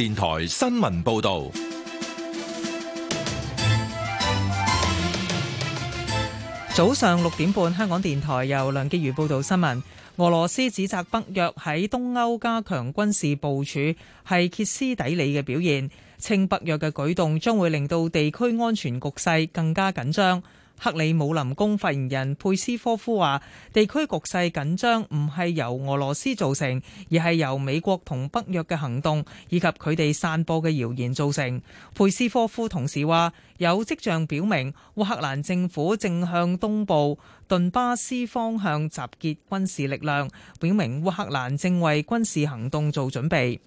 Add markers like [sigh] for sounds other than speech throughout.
電台新聞報道，早上六點半，香港電台由梁潔如報道新聞。俄羅斯指責北約喺東歐加強軍事部署係歇斯底里嘅表現，稱北約嘅舉動將會令到地區安全局勢更加緊張。克里姆林宮發言人佩斯科夫話，地區局勢緊張唔係由俄羅斯造成，而係由美國同北約嘅行動，以及佢哋散播嘅謠言造成。佩斯科夫同時話，有跡象表明烏克蘭政府正向東部頓巴斯方向集結軍事力量，表明烏克蘭正為軍事行動做準備。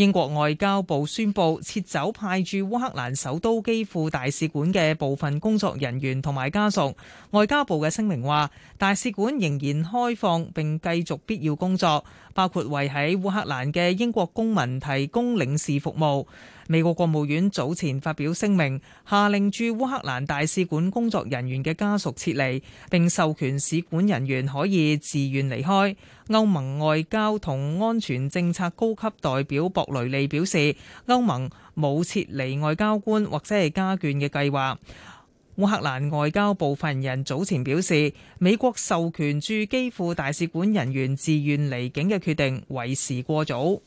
英國外交部宣佈撤走派駐烏克蘭首都基輔大使館嘅部分工作人員同埋家屬。外交部嘅聲明話，大使館仍然開放並繼續必要工作，包括為喺烏克蘭嘅英國公民提供領事服務。美國國務院早前發表聲明，下令駐烏克蘭大使館工作人員嘅家屬撤離，並授權使館人員可以自願離開。歐盟外交同安全政策高級代表博雷利表示，歐盟冇撤離外交官或者係家眷嘅計劃。烏克蘭外交部發言人早前表示，美國授權駐基輔大使館人員自願離境嘅決定為時過早。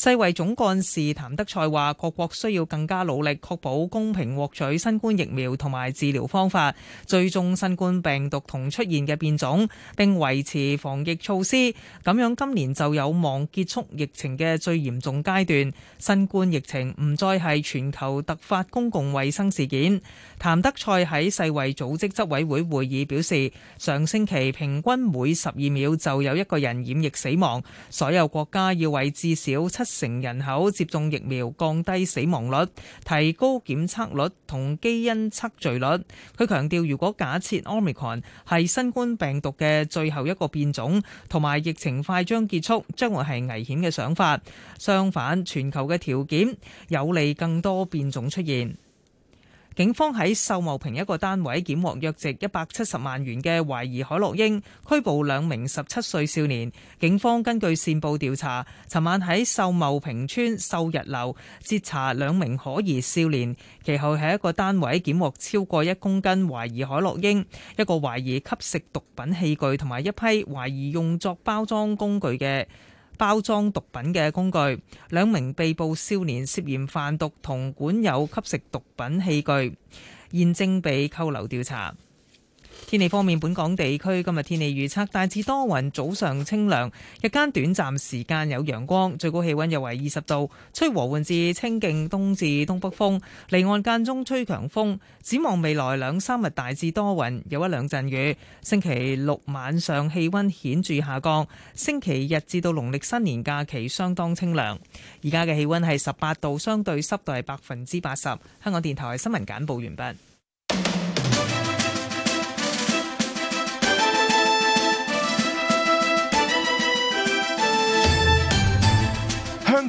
世衛總幹事譚德塞話：各國需要更加努力，確保公平獲取新冠疫苗同埋治療方法，追蹤新冠病毒同出現嘅變種，並維持防疫措施。咁樣今年就有望結束疫情嘅最嚴重階段。新冠疫情唔再係全球突發公共衛生事件。譚德塞喺世衞組織執委會會議表示：上星期平均每十二秒就有一個人染疫死亡。所有國家要為至少七成人口接種疫苗，降低死亡率，提高檢測率同基因測序率。佢強調，如果假設 Omicron 係新冠病毒嘅最後一個變種，同埋疫情快將結束，將會係危險嘅想法。相反，全球嘅條件有利更多變種出現。警方喺秀茂坪一個單位檢獲約值一百七十萬元嘅懷疑海洛英，拘捕兩名十七歲少年。警方根據線報調查，尋晚喺秀茂坪村秀日樓截查兩名可疑少年，其後喺一個單位檢獲超過一公斤懷疑海洛英，一個懷疑吸食毒品器具，同埋一批懷疑用作包裝工具嘅包裝毒品嘅工具，兩名被捕少年涉嫌販毒同管有吸食毒品器具，現正被扣留調查。天氣方面，本港地區今日天氣預測，大致多雲，早上清涼，日間短暫時間有陽光，最高氣溫約為二十度，吹和緩至清勁東至東北風，離岸間中吹強風。展望未來兩三日大致多雲，有一兩陣雨。星期六晚上氣溫顯著下降，星期日至到農曆新年假期相當清涼。而家嘅氣溫係十八度，相對濕度係百分之八十。香港電台新聞簡報完畢。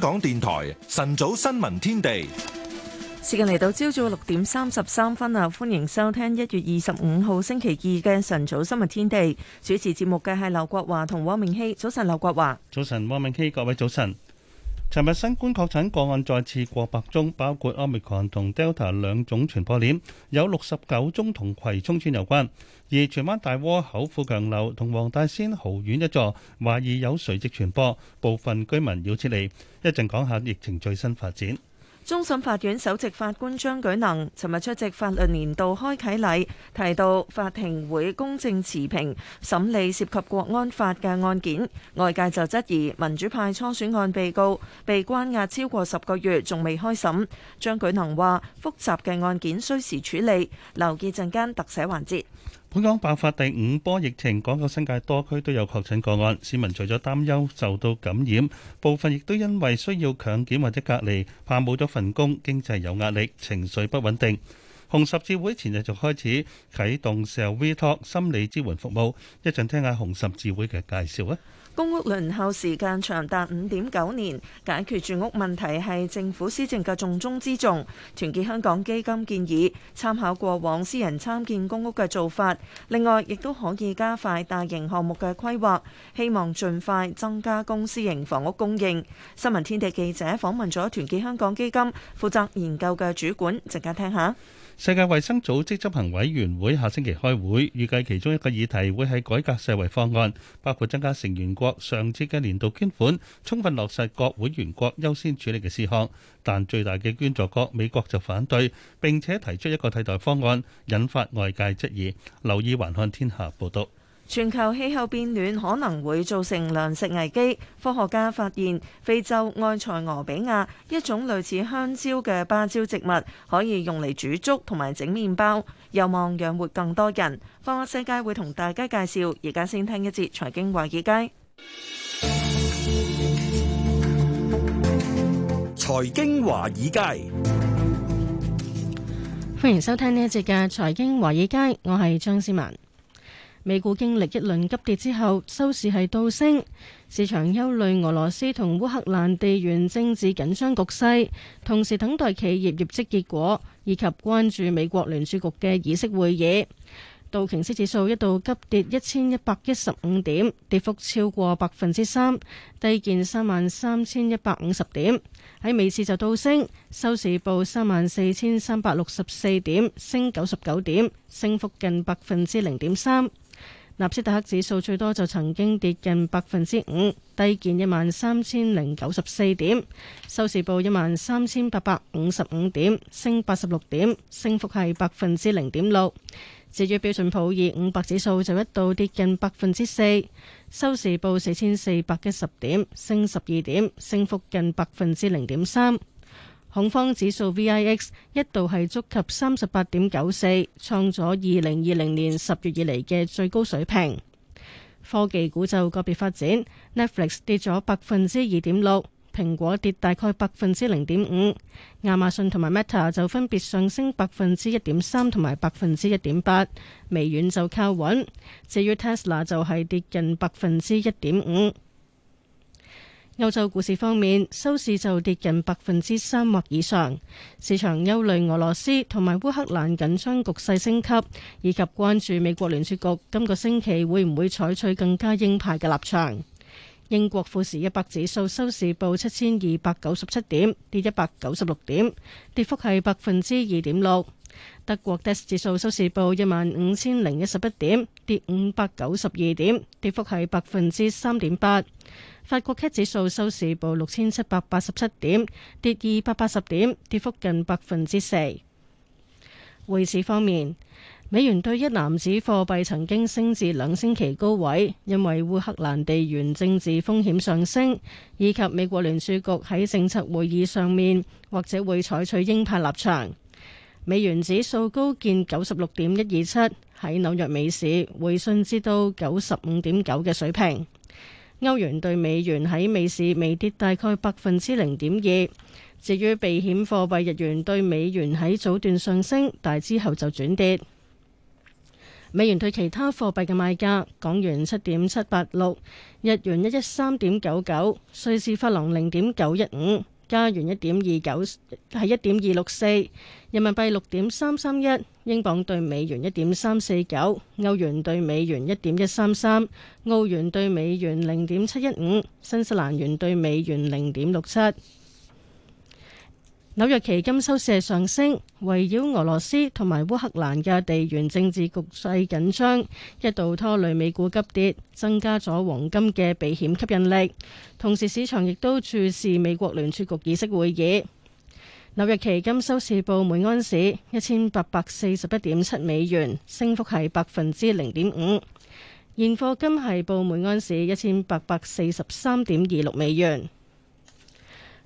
香港電台晨早新聞天地，時間嚟到朝早六點三十三分啊，歡迎收聽一月二十五號星期二嘅晨早新聞天地，主持節目嘅係劉國華同汪明熙。早晨，劉國華。早晨，汪明熙，各位早晨。尋日新冠確診個案再次過百宗，包括 Omicron 同 Delta 兩種傳播鏈，有六十九宗同葵涌村有關。而荃灣大窩口富強樓同黃大仙豪苑一座，懷疑有垂直傳播，部分居民要撤離。一陣講下疫情最新發展。終審法院首席法官張舉能尋日出席法律年度開啓禮，提到法庭會公正持平審理涉及國安法嘅案件。外界就質疑民主派初選案被告被關押超過十個月，仲未開審。張舉能話：複雜嘅案件需時處理，留意陣間特寫環節。本港爆發第五波疫情，港九新界多區都有確診個案，市民除咗擔憂受到感染，部分亦都因為需要強檢或者隔離，怕冇咗份工，經濟有壓力，情緒不穩定。紅十字會前日就開始啟動 Shall We Talk 心理支援服務，一陣聽下紅十字會嘅介紹啊。公屋輪候時間長達五點九年，解決住屋問題係政府施政嘅重中之重。團結香港基金建議參考過往私人參建公屋嘅做法，另外亦都可以加快大型項目嘅規劃，希望盡快增加公私營房屋供應。新聞天地記者訪問咗團結香港基金負責研究嘅主管，陣間聽下。世界衛生組織執行委員會下星期開會，預計其中一個議題會係改革世衞方案，包括增加成員國上次嘅年度捐款，充分落實各會員國優先處理嘅事項。但最大嘅捐助國美國就反對，並且提出一個替代方案，引發外界質疑。留意環看天下報道。全球氣候變暖可能會造成糧食危機。科學家發現非洲埃塞俄比亞一種類似香蕉嘅芭蕉植物，可以用嚟煮粥同埋整麵包，有望養活更多人。《科學世界》會同大家介紹。而家先聽一節財經華爾街。財經華爾街，歡迎收聽呢一節嘅財經華爾街，我係張思文。美股經歷一輪急跌之後，收市係倒升。市場憂慮俄羅斯同烏克蘭地緣政治緊張局勢，同時等待企業業績結果以及關注美國聯儲局嘅議息會議。道瓊斯指數一度急跌一千一百一十五點，跌幅超過百分之三，低見三萬三千一百五十點。喺美市就倒升，收市報三萬四千三百六十四點，升九十九點，升幅近百分之零點三。納斯達克指數最多就曾經跌近百分之五，低見一萬三千零九十四點，收市報一萬三千八百五十五點，升八十六點，升幅係百分之零點六。至於標準普爾五百指數就一度跌近百分之四，收市報四千四百一十點，升十二點，升幅近百分之零點三。恐慌指數 VIX 一度係觸及三十八點九四，創咗二零二零年十月以嚟嘅最高水平。科技股就個別發展，Netflix 跌咗百分之二點六，蘋果跌大概百分之零點五，亞馬遜同埋 Meta 就分別上升百分之一點三同埋百分之一點八，微軟就靠穩，至於 Tesla 就係跌近百分之一點五。歐洲股市方面，收市就跌近百分之三或以上，市場憂慮俄羅斯同埋烏克蘭緊張局勢升級，以及關注美國聯儲局今個星期會唔會採取更加鷹派嘅立場。英國富時一百指數收市報七千二百九十七點，跌一百九十六點，跌幅係百分之二點六。德國 DAX 指數收市報一萬五千零一十一點，跌五百九十二點，跌幅係百分之三點八。法國 CAC 指數收市報六千七百八十七點，跌二百八十點，跌幅近百分之四。匯市方面，美元對一籃子貨幣曾經升至兩星期高位，因為烏克蘭地緣政治風險上升，以及美國聯儲局喺政策會議上面或者會採取鷹派立場。美元指數高見九十六點一二七，喺紐約美市回順至到九十五點九嘅水平。歐元對美元喺美市微跌大概百分之零點二。至於避險貨幣日元對美元喺早段上升，但之後就轉跌。美元對其他貨幣嘅賣價：港元七點七八六，日元一一三點九九，瑞士法郎零點九一五。加元一點二九，係一點二六四；人民幣六點三三一；英鎊兌美元一點三四九；歐元兌美元一點一三三；澳元兌美元零點七一五；新西蘭元兌美元零點六七。紐約期金收市上升，圍繞俄羅斯同埋烏克蘭嘅地緣政治局勢緊張，一度拖累美股急跌，增加咗黃金嘅避險吸引力。同時，市場亦都注視美國聯儲局議息會議。紐約期金收市報每安士一千八百四十一點七美元，升幅係百分之零點五。現貨金係報每安士一千八百四十三點二六美元。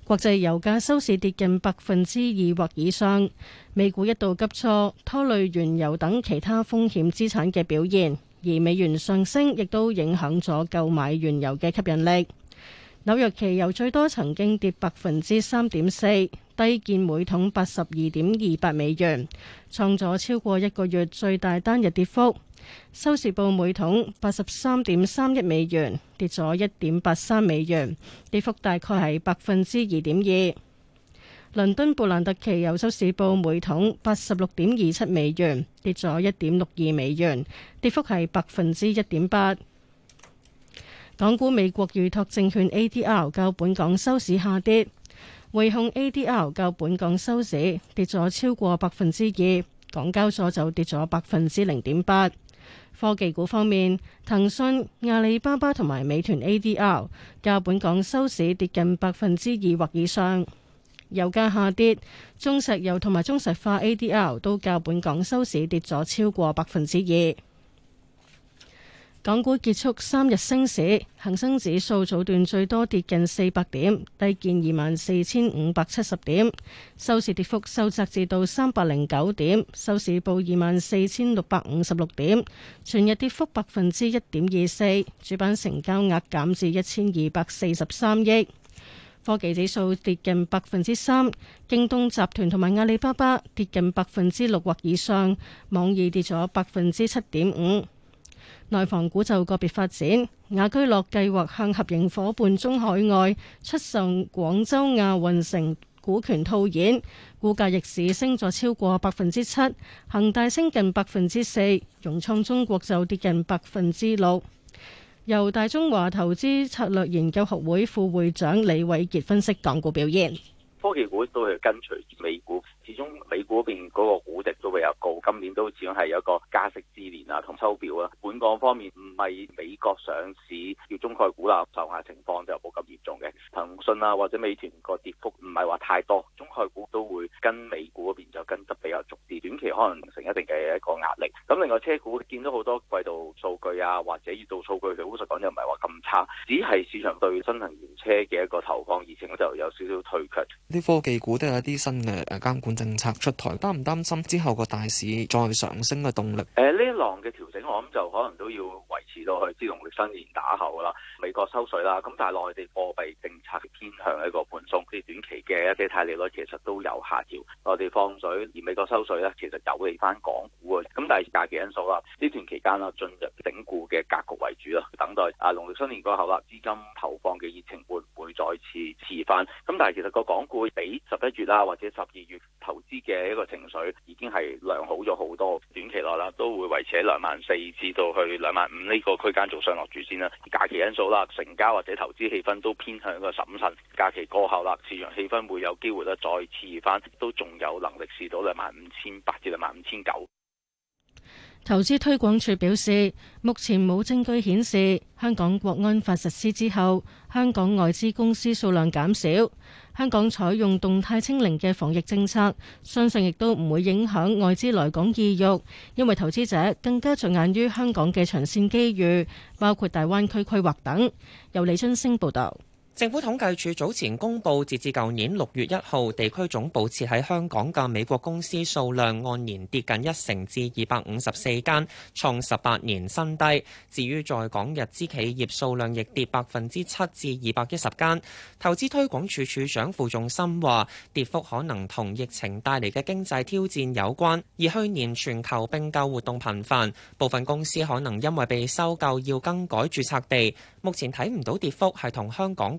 國際油價收市跌近百分之二或以上，美股一度急挫，拖累原油等其他風險資產嘅表現，而美元上升亦都影響咗購買原油嘅吸引力。紐約期油最多曾經跌百分之三點四，低見每桶八十二點二八美元，創咗超過一個月最大單日跌幅。收市報每桶八十三點三一美元，跌咗一點八三美元，跌幅大概係百分之二點二。倫敦布蘭特期油收市報每桶八十六點二七美元，跌咗一點六二美元，跌幅係百分之一點八。港股美國預托證券 ADR 較本港收市下跌，匯控 ADR 較本港收市跌咗超過百分之二，港交所就跌咗百分之零點八。科技股方面，騰訊、阿里巴巴同埋美團 ADR，較本港收市跌近百分之二或以上。油價下跌，中石油同埋中石化 ADR 都較本港收市跌咗超過百分之二。港股結束三日升市，恒生指數早段最多跌近四百點，低見二萬四千五百七十點。收市跌幅收窄至到三百零九點，收市報二萬四千六百五十六點，全日跌幅百分之一點二四。主板成交額減至一千二百四十三億。科技指數跌近百分之三，京東集團同埋阿里巴巴跌近百分之六或以上，網易跌咗百分之七點五。內房股就個別發展，雅居樂計劃向合營夥伴中海外出售廣州亞運城股權套現，股價逆市升咗超過百分之七，恆大升近百分之四，融創中國就跌近百分之六。由大中華投資策略研究學會副會長李偉傑分析港股表現，科技股都係跟隨美股。始終美股嗰邊嗰個估值都比較高，今年都始終係有一個加息之年啊，同收表啊。本港方面唔係美國上市要中概股啦，受下情況就冇咁嚴重嘅。騰訊啊或者美團個跌幅唔係話太多，中概股都會跟美股嗰邊就跟得比較足啲，短期可能成一定嘅一個壓力。咁另外車股見到好多季度數據啊或者月度數據，好實講又唔係話咁差，只係市場對新能源車嘅一個投放熱情咧就有少少退卻。啲科技股都有一啲新嘅誒監管。政策出台，擔唔擔心之後個大市再上升嘅動力？浪嘅調整，我諗就可能都要維持到去至農曆新年打後啦。美國收水啦，咁但係內地貨幣政策偏向一個寬鬆，即係短期嘅一啲貸利率其實都有下調。內地放水而美國收水咧，其實有利翻港股啊。咁但係假期因素啦，呢段期間啦進入整固嘅格局為主啦，等待啊農曆新年過後啦，資金投放嘅熱情會唔會再次遲翻？咁但係其實個港股比十一月啦或者十二月投資嘅一個情緒已經係良好咗好多。短期內啦都會為而且兩萬四至到去兩萬五呢個區間做上落主線啦。假期因素啦，成交或者投資氣氛都偏向個審慎，假期過後啦，市場氣氛會有機會咧再次熱翻，都仲有能力試到兩萬五千八至兩萬五千九。投資推廣署表示，目前冇證據顯示香港國安法實施之後，香港外資公司數量減少。香港採用動態清零嘅防疫政策，相信亦都唔會影響外資來港意欲，因為投資者更加著眼於香港嘅長線機遇，包括大灣區規劃等。由李春升報導。政府統計處早前公布，截至舊年六月一號，地區總部設喺香港嘅美國公司數量按年跌近一成至，至二百五十四間，創十八年新低。至於在港日資企業數量亦跌百分之七，至二百一十間。投資推廣處處長傅仲森話：跌幅可能同疫情帶嚟嘅經濟挑戰有關，而去年全球並購活動頻繁，部分公司可能因為被收購要更改註冊地。目前睇唔到跌幅係同香港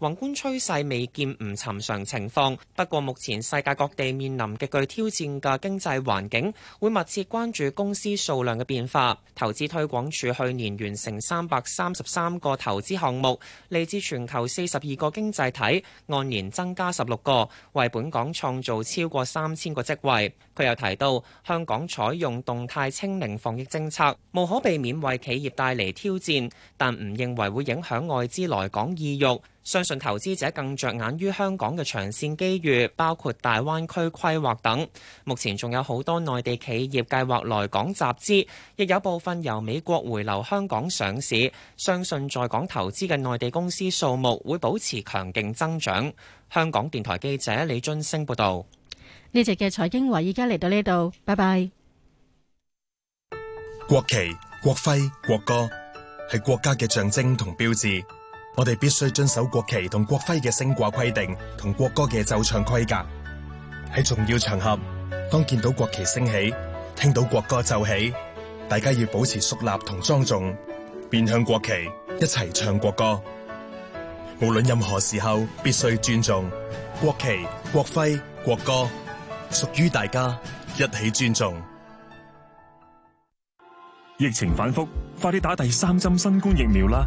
宏觀趨勢未見唔尋常情況，不過目前世界各地面臨極具挑戰嘅經濟環境，會密切關注公司數量嘅變化。投資推廣署去年完成三百三十三個投資項目，嚟自全球四十二個經濟體，按年增加十六個，為本港創造超過三千個職位。佢又提到，香港採用動態清零防疫政策，無可避免為企業帶嚟挑戰，但唔認為會影響外資來港意欲。相信投資者更着眼於香港嘅長線機遇，包括大灣區規劃等。目前仲有好多內地企業計劃來港集資，亦有部分由美國回流香港上市。相信在港投資嘅內地公司數目會保持強勁增長。香港電台記者李津星報道。呢集嘅財經話，而家嚟到呢度，拜拜。國旗、國徽、國歌係國家嘅象徵同標誌。我哋必須遵守國旗同國徽嘅升掛規定，同國歌嘅奏唱規格。喺重要場合，當見到國旗升起，聽到國歌奏起，大家要保持肅立同莊重，面向國旗，一齊唱國歌。無論任何時候，必須尊重國旗、國徽、國歌，屬於大家，一起尊重。疫情反覆，快啲打第三針新冠疫苗啦！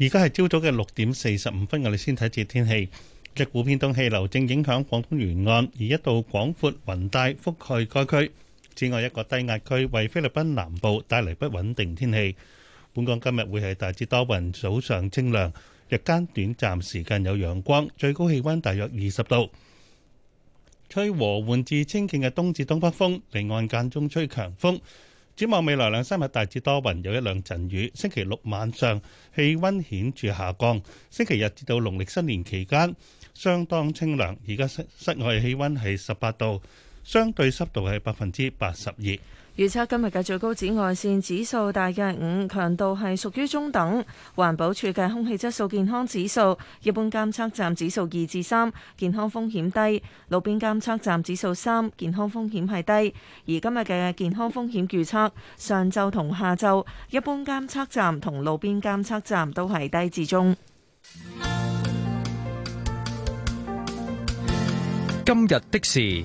而家係朝早嘅六點四十五分，我哋先睇次天氣。一股偏東氣流正影響廣東沿岸，而一道廣闊雲帶覆蓋該區。此外，一個低壓區為菲律賓南部帶嚟不穩定天氣。本港今日會係大致多雲，早上清涼，日間短暫時間有陽光，最高氣溫大約二十度，吹和緩至清勁嘅東至東北風，離岸間中吹強風。展望未來兩三日大致多雲，有一兩陣雨。星期六晚上氣溫顯著下降，星期日至到農曆新年期間相當清涼。而家室室外氣溫係十八度，相對濕度係百分之八十二。預測今日嘅最高紫外線指數大約五，強度係屬於中等。環保署嘅空氣質素健康指數，一般監測站指數二至三，健康風險低；路邊監測站指數三，健康風險係低。而今日嘅健康風險預測，上晝同下晝，一般監測站同路邊監測站都係低至中。今日的事。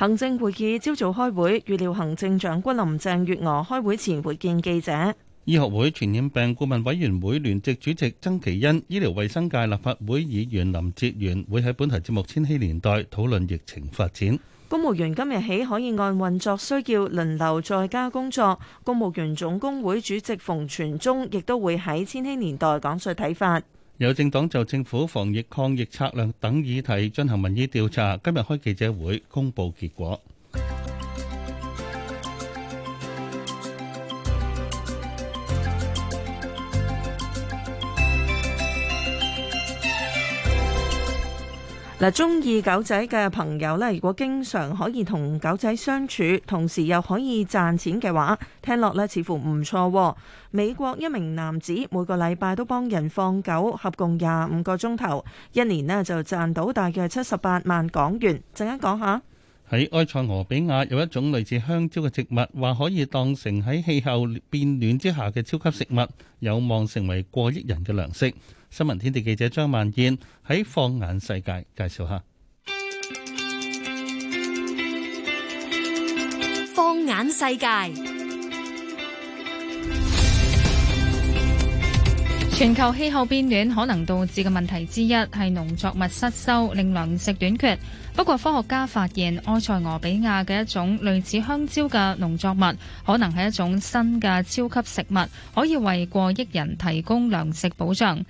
行政會議朝早開會，預料行政長官林鄭月娥開會前會見記者。醫學會傳染病顧問委員會聯席主席曾其恩、醫療衛生界立法會議員林哲元會喺本台節目《千禧年代》討論疫情發展。公務員今日起可以按運作需要輪流在家工作。公務員總工會主席馮傳中亦都會喺《千禧年代》講述睇法。有政黨就政府防疫抗疫策略等議題進行民意調查，今日開記者會公佈結果。嗱，中意狗仔嘅朋友咧，如果經常可以同狗仔相處，同時又可以賺錢嘅話，聽落咧似乎唔錯喎。美國一名男子每個禮拜都幫人放狗，合共廿五個鐘頭，一年咧就賺到大約七十八萬港元。陣間講下，喺埃塞俄比亞有一種類似香蕉嘅植物，話可以當成喺氣候變暖之下嘅超級食物，有望成為過億人嘅糧食。新聞天地記者張萬燕喺放眼世界介紹下，放眼世界，全球氣候變暖可能導致嘅問題之一係農作物失收，令糧食短缺。不過科學家發現，埃塞俄比亞嘅一種類似香蕉嘅農作物，可能係一種新嘅超級食物，可以為過億人提供糧食保障。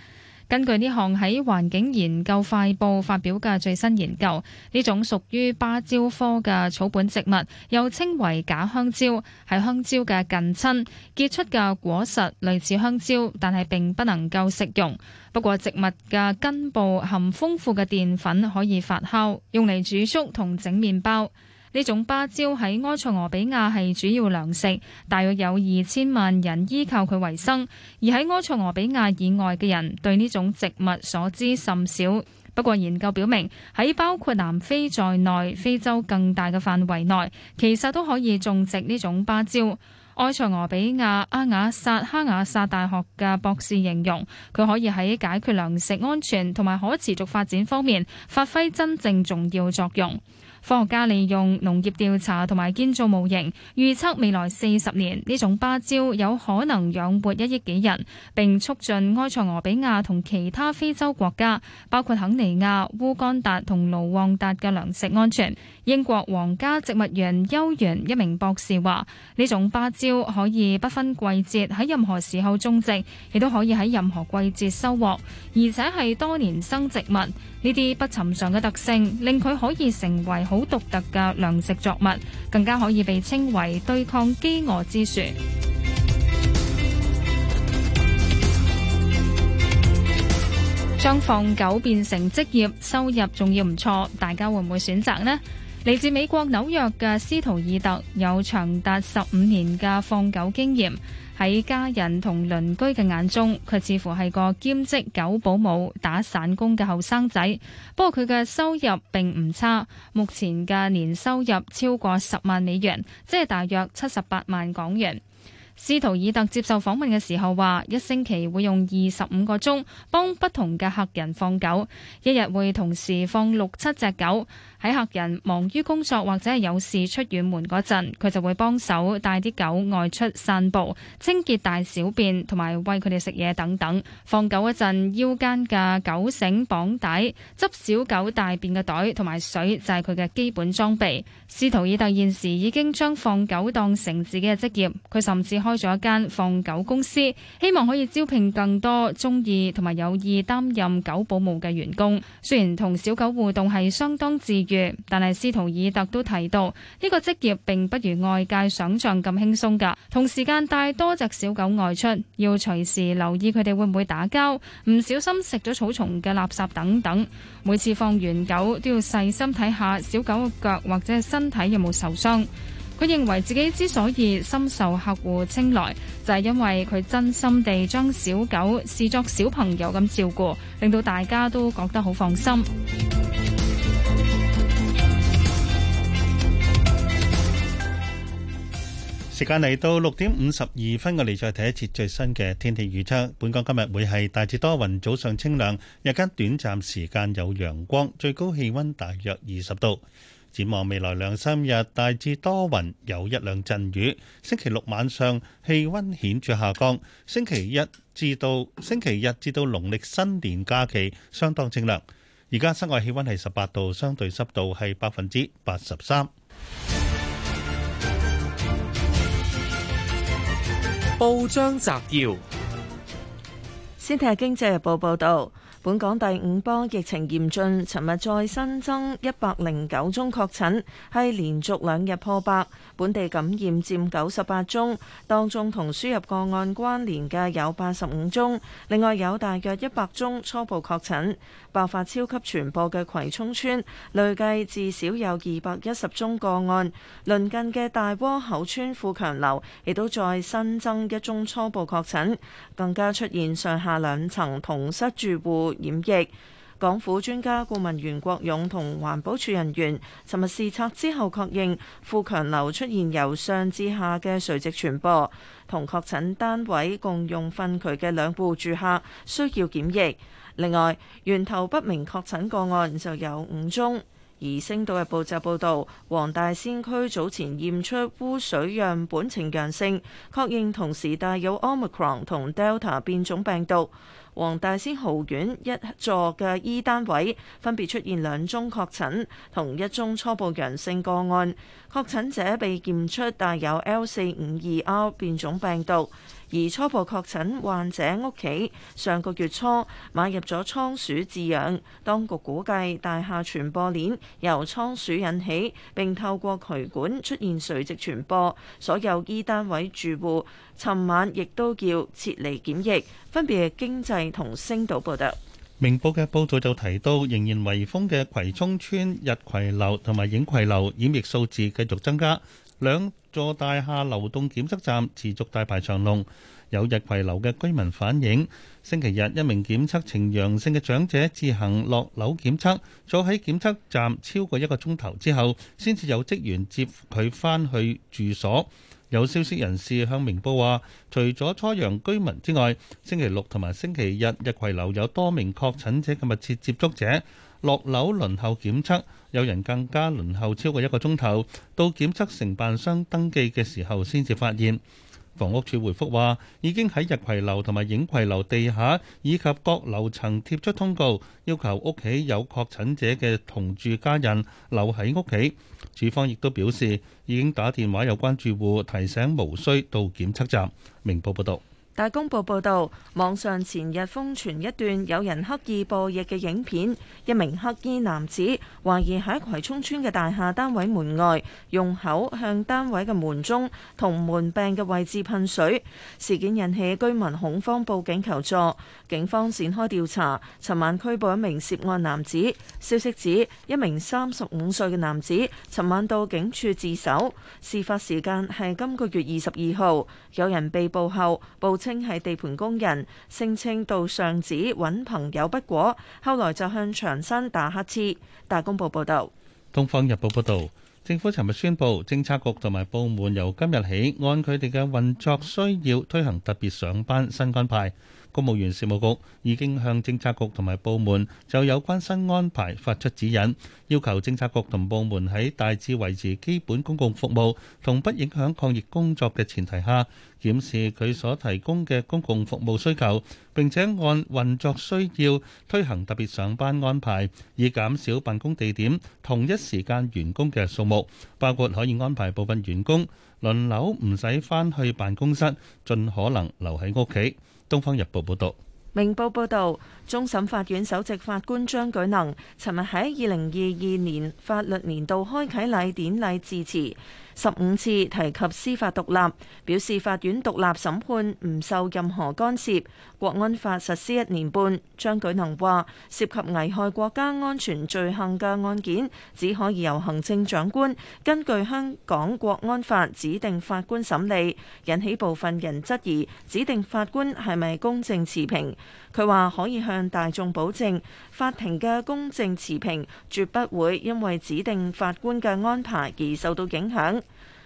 根據呢項喺《環境研究快報》發表嘅最新研究，呢種屬於芭蕉科嘅草本植物，又稱為假香蕉，係香蕉嘅近親，結出嘅果實類似香蕉，但係並不能夠食用。不過，植物嘅根部含豐富嘅澱粉，可以發酵，用嚟煮粥同整麵包。呢種芭蕉喺埃塞俄比亞係主要糧食，大約有二千萬人依靠佢為生。而喺埃塞俄比亞以外嘅人對呢種植物所知甚少。不過，研究表明，喺包括南非在內非洲更大嘅範圍內，其實都可以種植呢種芭蕉。埃塞俄比亞阿瓦薩哈瓦薩大學嘅博士形容，佢可以喺解決糧食安全同埋可持續發展方面發揮真正重要作用。科學家利用農業調查同埋建造模型，預測未來四十年呢種芭蕉有可能養活一億幾人，並促進埃塞俄比亞同其他非洲國家，包括肯尼亞、烏干達同盧旺達嘅糧食安全。英國皇家植物園邱園一名博士話：呢種芭蕉可以不分季節喺任何時候種植，亦都可以喺任何季節收穫，而且係多年生植物。呢啲不尋常嘅特性，令佢可以成為好獨特嘅糧食作物，更加可以被稱為對抗饑餓之樹。 [music] 將放狗變成職業，收入仲要唔錯，大家會唔會選擇呢？嚟自美國紐約嘅斯圖爾特有長達十五年嘅放狗經驗。喺家人同鄰居嘅眼中，佢似乎係個兼職狗保姆、打散工嘅後生仔。不過佢嘅收入並唔差，目前嘅年收入超過十萬美元，即係大約七十八萬港元。斯圖爾特接受訪問嘅時候話，一星期會用二十五個鐘幫不同嘅客人放狗，一日會同時放六七隻狗。喺客人忙於工作或者係有事出遠門嗰陣，佢就會幫手帶啲狗外出散步，清潔大小便同埋餵佢哋食嘢等等。放狗嗰陣，腰間嘅狗繩綁帶、執小狗大便嘅袋同埋水就係佢嘅基本裝備。斯圖爾特現時已經將放狗當成自己嘅職業，佢甚至開咗一間放狗公司，希望可以招聘更多中意同埋有意擔任狗保姆嘅員工。雖然同小狗互動係相當自，但係，司徒爾特都提到呢個職業並不如外界想象咁輕鬆噶。同時間帶多隻小狗外出，要隨時留意佢哋會唔會打交，唔小心食咗草叢嘅垃圾等等。每次放完狗都要細心睇下小狗嘅腳或者身體有冇受傷。佢認為自己之所以深受客戶青睞，就係因為佢真心地將小狗視作小朋友咁照顧，令到大家都覺得好放心。時間嚟到六點五十二分我哋再睇一次最新嘅天氣預測。本港今日會係大致多雲，早上清涼，日間短暫時間有陽光，最高氣温大約二十度。展望未來兩三日大致多雲，有一兩陣雨。星期六晚上氣温顯著下降。星期一至到星期日至到農曆新年假期相當清涼。而家室外氣温係十八度，相對濕度係百分之八十三。報章摘要：先睇下《經濟日報》報道。本港第五波疫情嚴峻，尋日再新增一百零九宗確診，係連續兩日破百。本地感染佔九十八宗，當中同輸入個案關聯嘅有八十五宗，另外有大約一百宗初步確診，爆發超級傳播嘅葵涌村，累計至少有二百一十宗個案。鄰近嘅大窩口村富強樓亦都再新增一宗初步確診，更加出現上下兩層同室住戶。掩疫，港府專家顧問袁國勇同環保署人員尋日視察之後，確認富強樓出現由上至下嘅垂直傳播，同確診單位共用糞渠嘅兩戶住客需要檢疫。另外，源頭不明確診個案就有五宗。而《星島日報》就報導，黃大仙區早前驗出污水樣本呈陽性，確認同時帶有 Omicron 同 Delta 變種病毒。黃大仙豪苑一座嘅 E 單位分別出現兩宗確診，同一宗初步陽性個案，確診者被檢出帶有 L452R 變種病毒。而初步確診患者屋企上個月初買入咗倉鼠飼養，當局估計大廈傳播鏈由倉鼠引起，並透過渠管出現垂直傳播，所有 E 單位住戶尋晚亦都叫撤離檢疫。分別係經濟同星島報道。明報嘅報道就提到，仍然圍封嘅葵涌村日葵樓同埋影葵樓染疫數字繼續增加。兩座大廈流動檢測站持續大排長龍，有日葵樓嘅居民反映，星期日一名檢測呈陽性嘅長者自行落樓檢測，坐喺檢測站超過一個鐘頭之後，先至有職員接佢翻去住所。有消息人士向明報話，除咗初陽居民之外，星期六同埋星期日日葵樓有多名確診者嘅密切接觸者。落樓輪候檢測，有人更加輪候超過一個鐘頭，到檢測承辦商登記嘅時候先至發現。房屋處回覆話，已經喺逸葵樓同埋映葵樓地下以及各樓層貼出通告，要求屋企有確診者嘅同住家人留喺屋企。處方亦都表示，已經打電話有關住戶提醒，無需到檢測站。明報報導。大公報報導，網上前日瘋傳一段有人刻意播疫嘅影片，一名黑衣男子懷疑喺葵涌村嘅大廈單位門外，用口向單位嘅門鐘同門柄嘅位置噴水。事件引起居民恐慌，報警求助。警方展開調查，尋晚拘捕一名涉案男子。消息指，一名三十五歲嘅男子尋晚到警署自首。事發時間係今個月二十二號，有人被捕後，報稱，稱係地盤工人，聲稱到上址搵朋友不果，後來就向長山打乞嗤。大公報報道，東方日報報道，政府尋日宣布，政策局同埋部門由今日起按佢哋嘅運作需要推行特別上班新安排。公務員事務局已經向政策局同埋部門就有關新安排發出指引，要求政策局同部門喺大致維持基本公共服務同不影響抗疫工作嘅前提下，檢視佢所提供嘅公共服務需求，並且按運作需要推行特別上班安排，以減少辦公地點同一時間員工嘅數目，包括可以安排部分員工輪流唔使返去辦公室，盡可能留喺屋企。《東方日報》報道，《明報》報道，終審法院首席法官張舉能，尋日喺二零二二年法律年度開啓禮典禮致辭。十五次提及司法獨立，表示法院獨立審判唔受任何干涉。國安法實施一年半，張舉能話涉及危害國家安全罪行嘅案件，只可以由行政長官根據香港國安法指定法官審理，引起部分人質疑指定法官係咪公正持平。佢話可以向大眾保證，法庭嘅公正持平絕不會因為指定法官嘅安排而受到影響。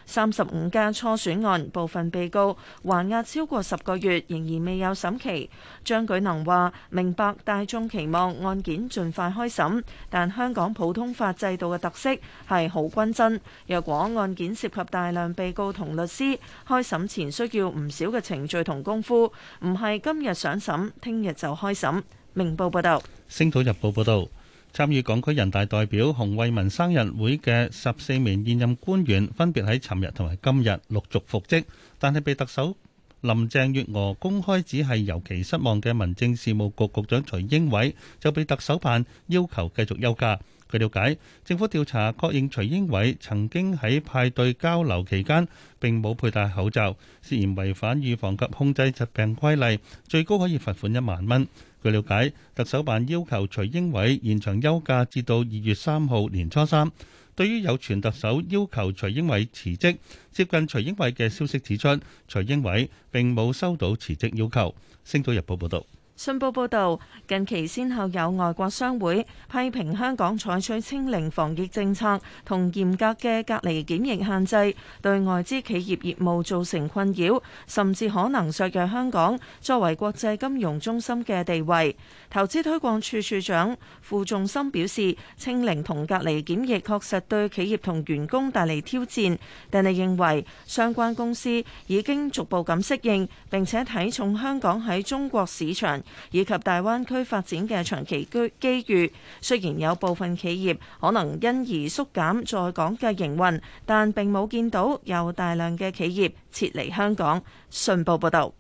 三十五家初選案部分被告還押超過十個月，仍然未有審期。張舉能話：明白大眾期望案件盡快開審，但香港普通法制度嘅特色係好均真。若果案件涉及大量被告同律師，開審前需要唔少嘅程序同功夫，唔係今日想審，聽日就開審。明報報導，《星島日報》報道。參與港區人大代表洪為民生日會嘅十四名現任官員，分別喺尋日同埋今日陸續復職，但係被特首林鄭月娥公開指係尤其失望嘅民政事務局局長徐英偉，就被特首辦要求繼續休假。據了解，政府調查確認徐英偉曾經喺派對交流期間並冇佩戴口罩，涉嫌違反預防及控制疾病規例，最高可以罰款一萬蚊。據了解，特首辦要求徐英偉延長休假至到二月三號年初三。對於有傳特首要求徐英偉辭職，接近徐英偉嘅消息指出，徐英偉並冇收到辭職要求。星島日報報道。信報報導，近期先後有外國商會批評香港採取清零防疫政策同嚴格嘅隔離檢疫限制，對外資企業業務造成困擾，甚至可能削弱香港作為國際金融中心嘅地位。投資推廣署署長傅仲森表示，清零同隔離檢疫確實對企業同員工帶嚟挑戰，但佢認為相關公司已經逐步咁適應，並且睇重香港喺中國市場，以及大灣區發展嘅長期機遇，雖然有部分企業可能因而縮減在港嘅營運，但並冇見到有大量嘅企業撤離香港。信報報道。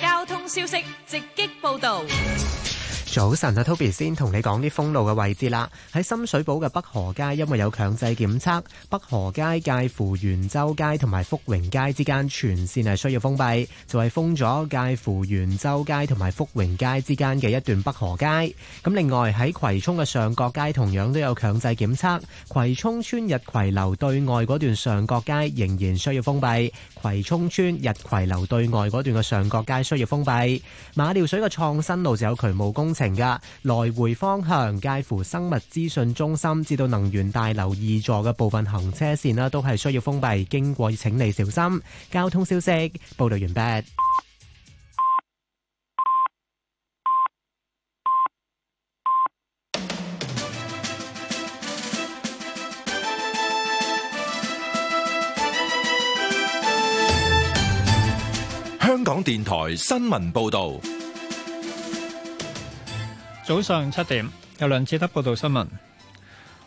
交通消息直擊報道。早晨啊，Toby 先同你講啲封路嘅位置啦。喺深水埗嘅北河街，因為有強制檢測，北河街介乎元州街同埋福榮街之間全線係需要封閉，就係封咗介乎元州街同埋福榮街之間嘅一段北河街。咁另外喺葵涌嘅上角街同樣都有強制檢測，葵涌邨日葵樓對外嗰段上角街仍然需要封閉，葵涌邨日葵樓對外嗰段嘅上角街需要封閉。馬料水嘅創新路就有渠務工。停㗎來回方向介乎生物資訊中心至到能源大樓二座嘅部分行車線啦，都係需要封閉，經過請你小心。交通消息報道完畢。香港電台新聞報道。早上七點，由梁志德報道新聞。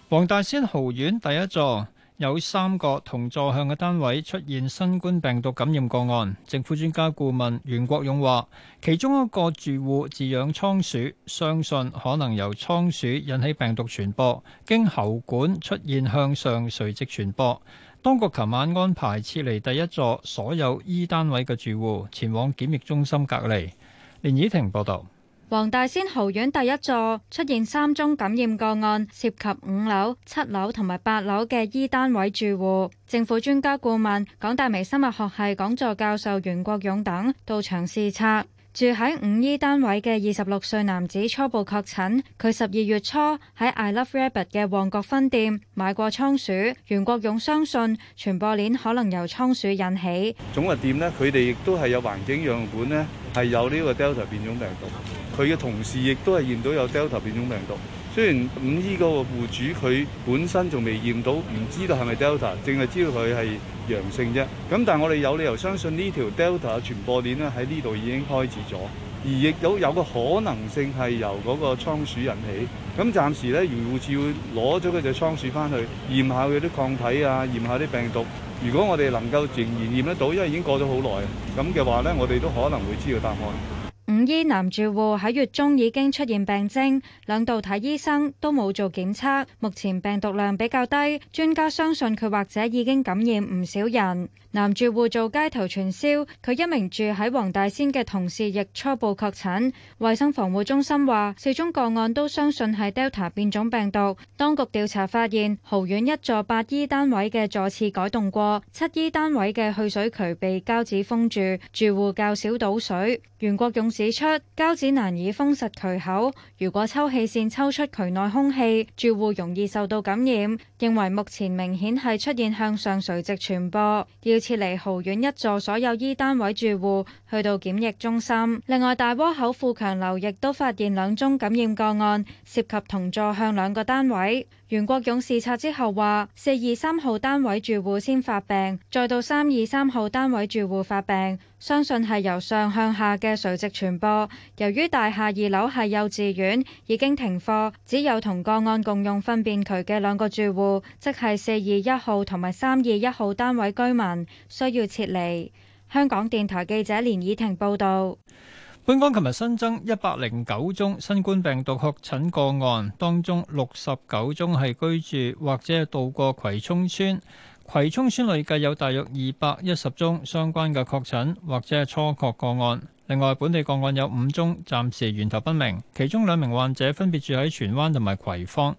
黃大仙豪苑第一座有三個同座向嘅單位出現新冠病毒感染個案。政府專家顧問袁國勇話，其中一個住戶飼養倉鼠，相信可能由倉鼠引起病毒傳播，經喉管出現向上垂直傳播。當局琴晚安排撤離第一座所有 E 單位嘅住戶前往檢疫中心隔離。連以婷報道。黃大仙豪苑第一座出現三宗感染個案，涉及五樓、七樓同埋八樓嘅 E 單位住戶。政府專家顧問、港大微生物學系講座教授袁國勇等到場視察。住喺五 E 單位嘅二十六歲男子初步確診，佢十二月初喺 I Love Rabbit 嘅旺角分店買過倉鼠。袁國勇相信傳播鏈可能由倉鼠引起。總店呢，佢哋亦都係有環境樣本，呢係有呢個 Delta 變種病毒。佢嘅同事亦都係驗到有 Delta 變種病毒，雖然五醫嗰個戶主佢本身仲未驗到，唔知道係咪 Delta，淨係知道佢係陽性啫。咁但係我哋有理由相信呢條 Delta 嘅傳播鏈咧喺呢度已經開始咗，而亦都有個可能性係由嗰個倉鼠引起。咁暫時咧，漁護署會攞咗嗰隻倉鼠返去驗下佢啲抗體啊，驗下啲病毒。如果我哋能夠仍然驗得到，因為已經過咗好耐，咁嘅話咧，我哋都可能會知道答案。五醫男住戶喺月中已經出現病徵，兩度睇醫生都冇做檢測。目前病毒量比較低，專家相信佢或者已經感染唔少人。男住戶做街頭傳銷，佢一名住喺黃大仙嘅同事亦初步確診。衛生防護中心話，四宗個案都相信係 Delta 變種病毒。當局調查發現，豪苑一座八醫單位嘅坐廁改動過七醫單位嘅去水渠被膠紙封住，住戶較少倒水。袁國勇指出，膠紙難以封實渠口，如果抽氣扇抽出渠內空氣，住戶容易受到感染。認為目前明顯係出現向上垂直傳播。要撤離豪苑一座所有 E 單位住戶去到檢疫中心。另外，大窩口富強樓亦都發現兩宗感染個案，涉及同座向兩個單位。袁國勇視察之後話，四二三號單位住戶先發病，再到三二三號單位住戶發病，相信係由上向下嘅垂直傳播。由於大廈二樓係幼稚園，已經停課，只有同個案共用糞便渠嘅兩個住戶，即係四二一號同埋三二一號單位居民，需要撤離。香港電台記者連以婷報道。本港琴日新增一百零九宗新冠病毒確診個案，當中六十九宗係居住或者係度過葵涌邨。葵涌邨累計有大約二百一十宗相關嘅確診或者係初確個案。另外本地個案有五宗暫時源頭不明，其中兩名患者分別住喺荃灣同埋葵芳。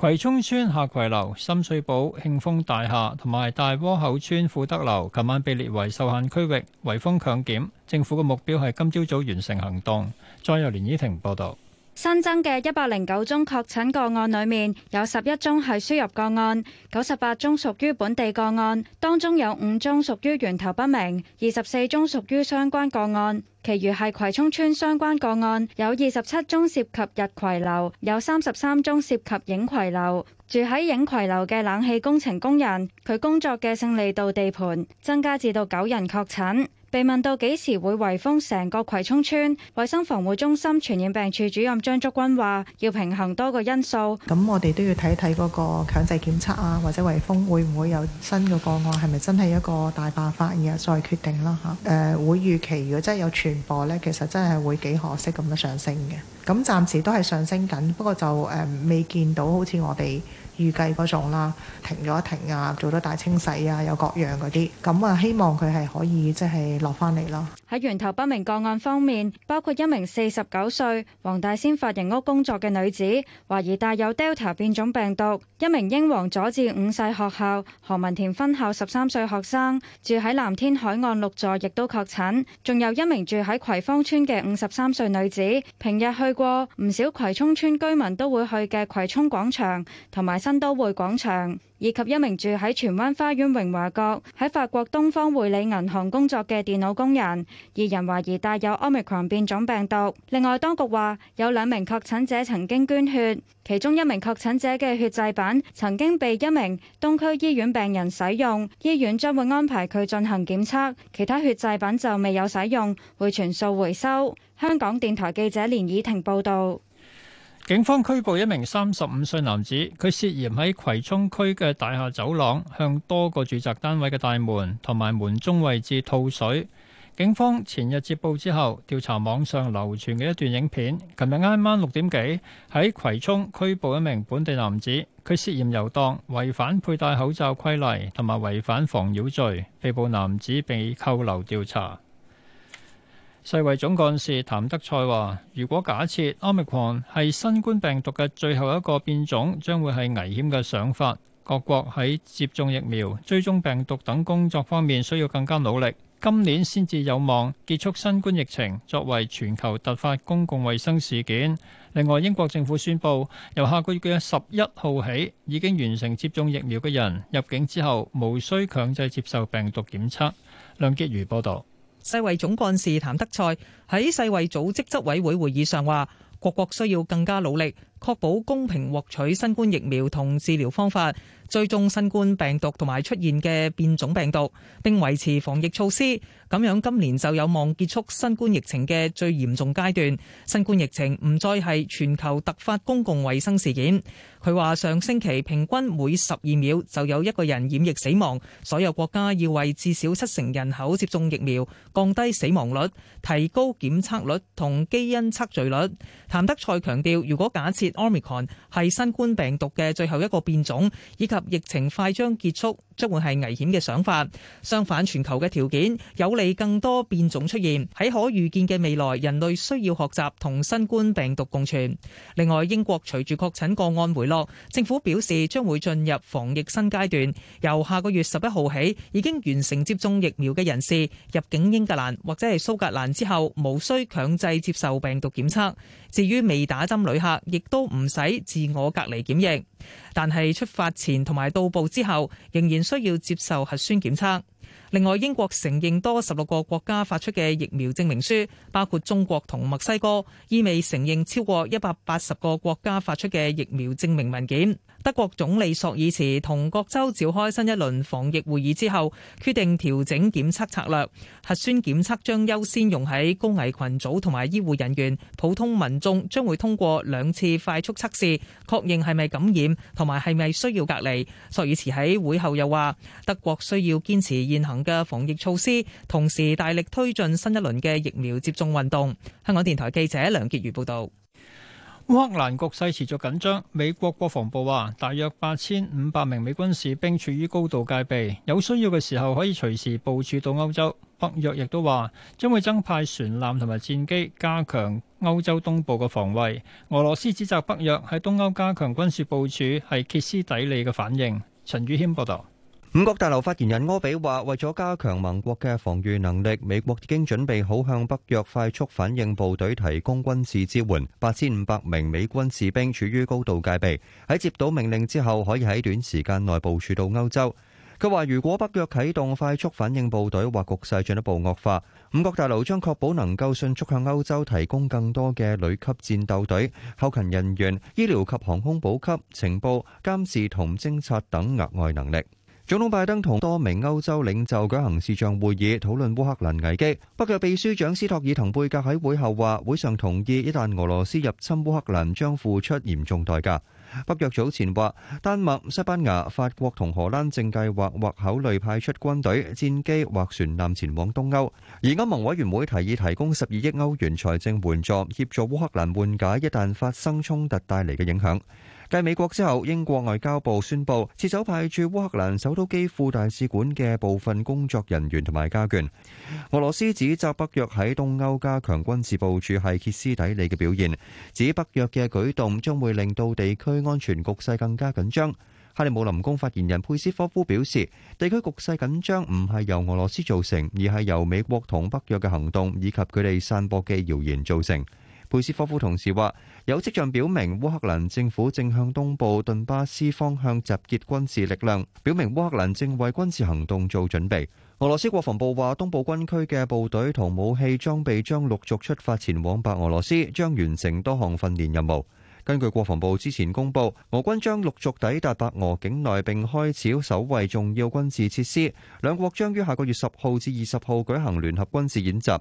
葵涌村下葵樓、深水埗慶豐大廈同埋大窩口村富德樓，琴晚被列為受限區域，圍封強檢。政府嘅目標係今朝早，早完成行動。再由連依婷報道。新增嘅一百零九宗確診個案，裏面有十一宗係輸入個案，九十八宗屬於本地個案，當中有五宗屬於源頭不明，二十四宗屬於相關個案。其餘係葵涌村相關個案，有二十七宗涉及日葵樓，有三十三宗涉及影葵樓。住喺影葵樓嘅冷氣工程工人，佢工作嘅勝利道地盤，增加至到九人確診。被問到幾時會圍封成個葵涌村，衛生防護中心傳染病處主任張竹君話：要平衡多個因素，咁我哋都要睇睇嗰個強制檢測啊，或者圍封會唔會有新嘅個，個案，係咪真係一個大爆發，然後再決定啦吓。誒、呃，會預期如果真係有傳。播咧，其實真係會幾可惜咁樣上升嘅。咁暫時都係上升緊，不過就誒未、嗯、見到好似我哋。預計嗰種啦，停咗一停啊，做咗大清洗啊，有各樣嗰啲，咁啊希望佢係可以即係落翻嚟咯。喺源頭不明個案方面，包括一名四十九歲黃大仙髮型屋工作嘅女子，懷疑帶有 Delta 變種病毒；一名英皇佐治五世學校何文田分校十三歲學生住喺藍天海岸六座，亦都確診。仲有一名住喺葵芳村嘅五十三歲女子，平日去過唔少葵涌村居民都會去嘅葵涌廣場，同埋新新都會廣場以及一名住喺荃灣花園榮華閣喺法國東方匯理銀行工作嘅電腦工人，二人懷疑帶有 Omicron 變種病毒。另外，當局話有兩名確診者曾經捐血，其中一名確診者嘅血製品曾經被一名東區醫院病人使用，醫院將會安排佢進行檢測，其他血製品就未有使用，會全數回收。香港電台記者連以婷報導。警方拘捕一名三十五歲男子，佢涉嫌喺葵涌區嘅大廈走廊向多個住宅單位嘅大門同埋門中位置吐水。警方前日接報之後，調查網上流傳嘅一段影片。琴日挨晚六點幾喺葵涌拘捕一名本地男子，佢涉嫌遊蕩、違反佩戴口罩規例同埋違反防擾罪。被捕男子被扣留調查。世衛總幹事譚德塞話：如果假設 Omicron 係新冠病毒嘅最後一個變種，將會係危險嘅想法。各國喺接種疫苗、追蹤病毒等工作方面需要更加努力。今年先至有望結束新冠疫情，作為全球突發公共衛生事件。另外，英國政府宣布，由下個月嘅十一號起，已經完成接種疫苗嘅人入境之後，無需強制接受病毒檢測。梁傑如報導。世衛總幹事譚德賽喺世衛組織執委會會議上話：各國需要更加努力。確保公平獲取新冠疫苗同治療方法，追蹤新冠病毒同埋出現嘅變種病毒，並維持防疫措施。咁樣今年就有望結束新冠疫情嘅最嚴重階段。新冠疫情唔再係全球突發公共衛生事件。佢話：上星期平均每十二秒就有一個人染疫死亡。所有國家要為至少七成人口接種疫苗，降低死亡率，提高檢測率同基因測序率。譚德塞強調：如果假設 Omicron 係新冠病毒嘅最後一個變種，以及疫情快將結束，將會係危險嘅想法。相反，全球嘅條件有利更多變種出現。喺可預見嘅未來，人類需要學習同新冠病毒共存。另外，英國隨住確診個案回落，政府表示將會進入防疫新階段。由下個月十一號起，已經完成接種疫苗嘅人士入境英格蘭或者係蘇格蘭之後，無需強制接受病毒檢測。至於未打針旅客，亦都唔使自我隔離檢疫。但係出發前同埋到埗之後，仍然需要接受核酸檢測。另外，英國承認多十六個國家發出嘅疫苗證明書，包括中國同墨西哥，意味承認超過一百八十個國家發出嘅疫苗證明文件。德國總理朔爾茨同各州召開新一輪防疫會議之後，決定調整檢測策略，核酸檢測將優先用喺高危群組同埋醫護人員，普通民眾將會通過兩次快速測試，確認係咪感染同埋係咪需要隔離。朔爾茨喺會後又話，德國需要堅持現行嘅防疫措施，同時大力推進新一輪嘅疫苗接種運動。香港電台記者梁潔如報道。烏克蘭局勢持續緊張，美國國防部話大約八千五百名美軍士兵處於高度戒備，有需要嘅時候可以隨時部署到歐洲。北約亦都話將會增派船艦同埋戰機，加強歐洲東部嘅防衛。俄羅斯指責北約喺東歐加強軍事部署係歇斯底里嘅反應。陳宇謙報道。五角大樓發言人柯比話，為咗加強盟國嘅防禦能力，美國已經準備好向北約快速反應部隊提供軍事支援。八千五百名美軍士兵處於高度戒備，喺接到命令之後，可以喺短時間內部署到歐洲。佢話，如果北約啟動快速反應部隊或局勢進一步惡化，五角大樓將確保能夠迅速向歐洲提供更多嘅旅級戰鬥隊、後勤人員、醫療及航空補給、情報監視同偵察等額外能力。總統拜登同多名歐洲領袖舉行視像會議，討論烏克蘭危機。北約秘書長斯托爾滕貝格喺會後話，會上同意一旦俄羅斯入侵烏克蘭，將付出嚴重代價。北約早前話，丹麥、西班牙、法國同荷蘭正計劃或考慮派出軍隊、戰機或船艦前往東歐。而歐盟委員會提議提供十二億歐元財政援助，協助烏克蘭緩解一旦發生衝突帶嚟嘅影響。繼美國之後，英國外交部宣布撤走派駐烏克蘭首都基輔大使館嘅部分工作人員同埋家眷。俄羅斯指責北約喺東歐加強軍事部署係歇斯底里嘅表現，指北約嘅舉動將會令到地區安全局勢更加緊張。克里姆林宮發言人佩斯科夫表示，地區局勢緊張唔係由俄羅斯造成，而係由美國同北約嘅行動以及佢哋散播嘅謠言造成。佩斯科夫同時話，有跡象表明烏克蘭政府正向東部頓巴斯方向集結軍事力量，表明烏克蘭正為軍事行動做準備。俄羅斯國防部話，東部軍區嘅部隊同武器裝備將陸續出發前往白俄羅斯，將完成多項訓練任務。根據國防部之前公佈，俄軍將陸續抵達白俄境內並開始守衛重要軍事設施。兩國將於下個月十號至二十號舉行聯合軍事演習。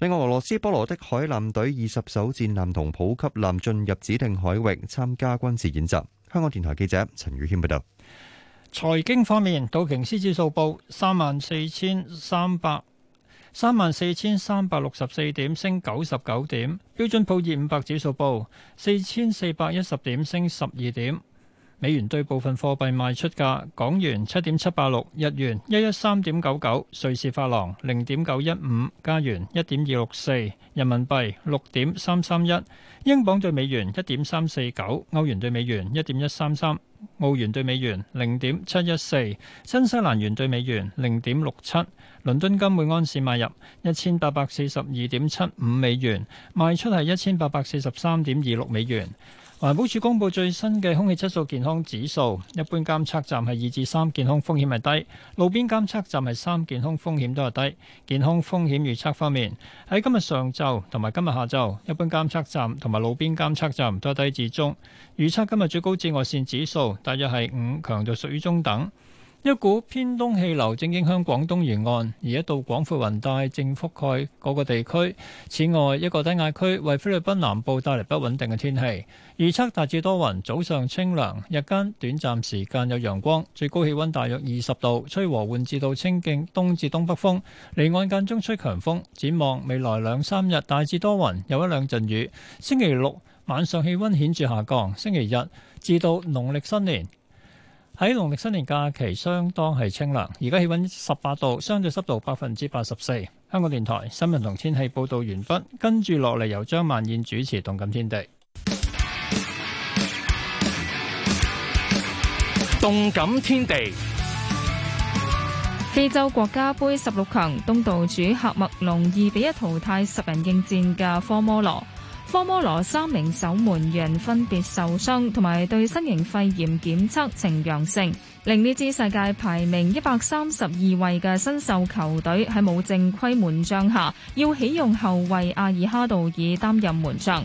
另外，俄羅斯波羅的海艦隊二十艘戰艦同普及艦進入指定海域參加軍事演習。香港電台記者陳宇謙報道。財經方面，道瓊斯指數報三萬四千三百三萬四千三百六十四點，升九十九點；標準普爾五百指數報四千四百一十點，升十二點。美元兌部分貨幣賣出價：港元七點七八六，日元一一三點九九，瑞士法郎零點九一五，加元一點二六四，人民幣六點三三一，英鎊對美元一點三四九，歐元對美元一點一三三，澳元對美元零點七一四，新西蘭元對美元零點六七。倫敦金每安士賣入一千八百四十二點七五美元，賣出係一千八百四十三點二六美元。環保署公布最新嘅空氣質素健康指數，一般監測站係二至三，健康風險係低；路邊監測站係三，健康風險都係低。健康風險預測方面，喺今日上晝同埋今日下晝，一般監測站同埋路邊監測站都係低至中。預測今日最高紫外線指數大約係五，強度屬於中等。一股偏東氣流正影響廣東沿岸，而一道廣闊雲帶正覆蓋個個地區。此外，一個低壓區為菲律賓南部帶嚟不穩定嘅天氣。預測大致多雲，早上清涼，日間短暫時間有陽光，最高氣温大約二十度，吹和緩至到清勁東至東北風，離岸間中吹強風。展望未來兩三日大致多雲，有一兩陣雨。星期六晚上氣温顯著下降，星期日至到農曆新年。喺農曆新年假期相當係清涼，而家氣温十八度，相對濕度百分之八十四。香港電台新聞同天氣報道完畢，跟住落嚟由張萬燕主持《動感天地》。《動感天地》非洲國家杯十六強，東道主喀麥隆二比一淘汰十人應戰嘅科摩羅。科摩羅三名守門員分別受傷，同埋對新型肺炎檢測呈陽性，令呢支世界排名一百三十二位嘅新秀球隊喺冇正規門將下，要起用後衛阿爾哈杜爾擔任門將。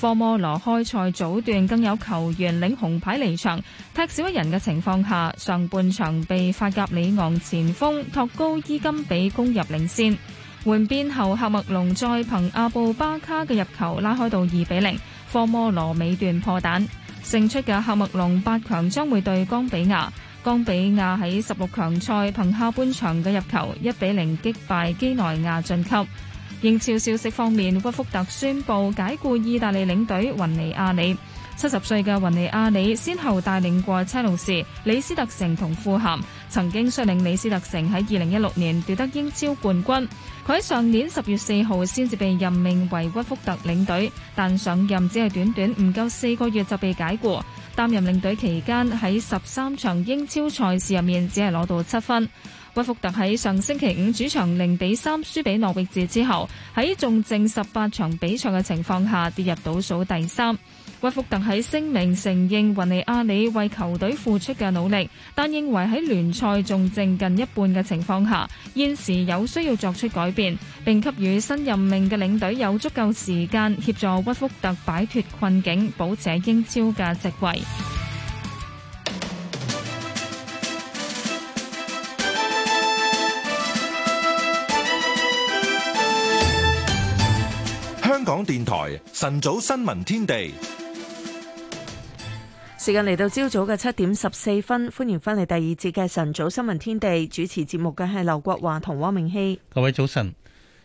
科摩羅開賽早段更有球員領紅牌離場，踢少一人嘅情況下，上半場被法甲里昂前鋒托高伊金比攻入領先。換邊後，喀麥隆再憑阿布巴卡嘅入球拉開到二比零。科摩羅尾段破蛋。勝出嘅喀麥隆八強將會對剛比亞。剛比亞喺十六強賽憑下半場嘅入球一比零擊敗基內亞，晉級。英超消息方面，屈福特宣布解雇意大利領隊雲尼亞里。七十歲嘅雲尼亞里，先後帶領過車路士、李斯特城同富咸，曾經率領李斯特城喺二零一六年奪得英超冠軍。佢喺上年十月四號先至被任命為屈福特領隊，但上任只係短短唔夠四個月就被解雇。擔任領隊期間喺十三場英超賽事入面只係攞到七分。屈福特喺上星期五主場零比三輸俾諾域治之後，喺仲剩十八場比賽嘅情況下跌入倒數第三。屈福特喺聲明承認維尼阿里為球隊付出嘅努力，但認為喺聯賽仲剩近一半嘅情況下，現時有需要作出改變，並給予新任命嘅領隊有足夠時間協助屈福特擺脫困境，保持英超嘅席位。香港電台晨早新聞天地。時間嚟到朝早嘅七點十四分，歡迎翻嚟第二節嘅晨早新聞天地。主持節目嘅係劉國華同汪明熙。各位早晨，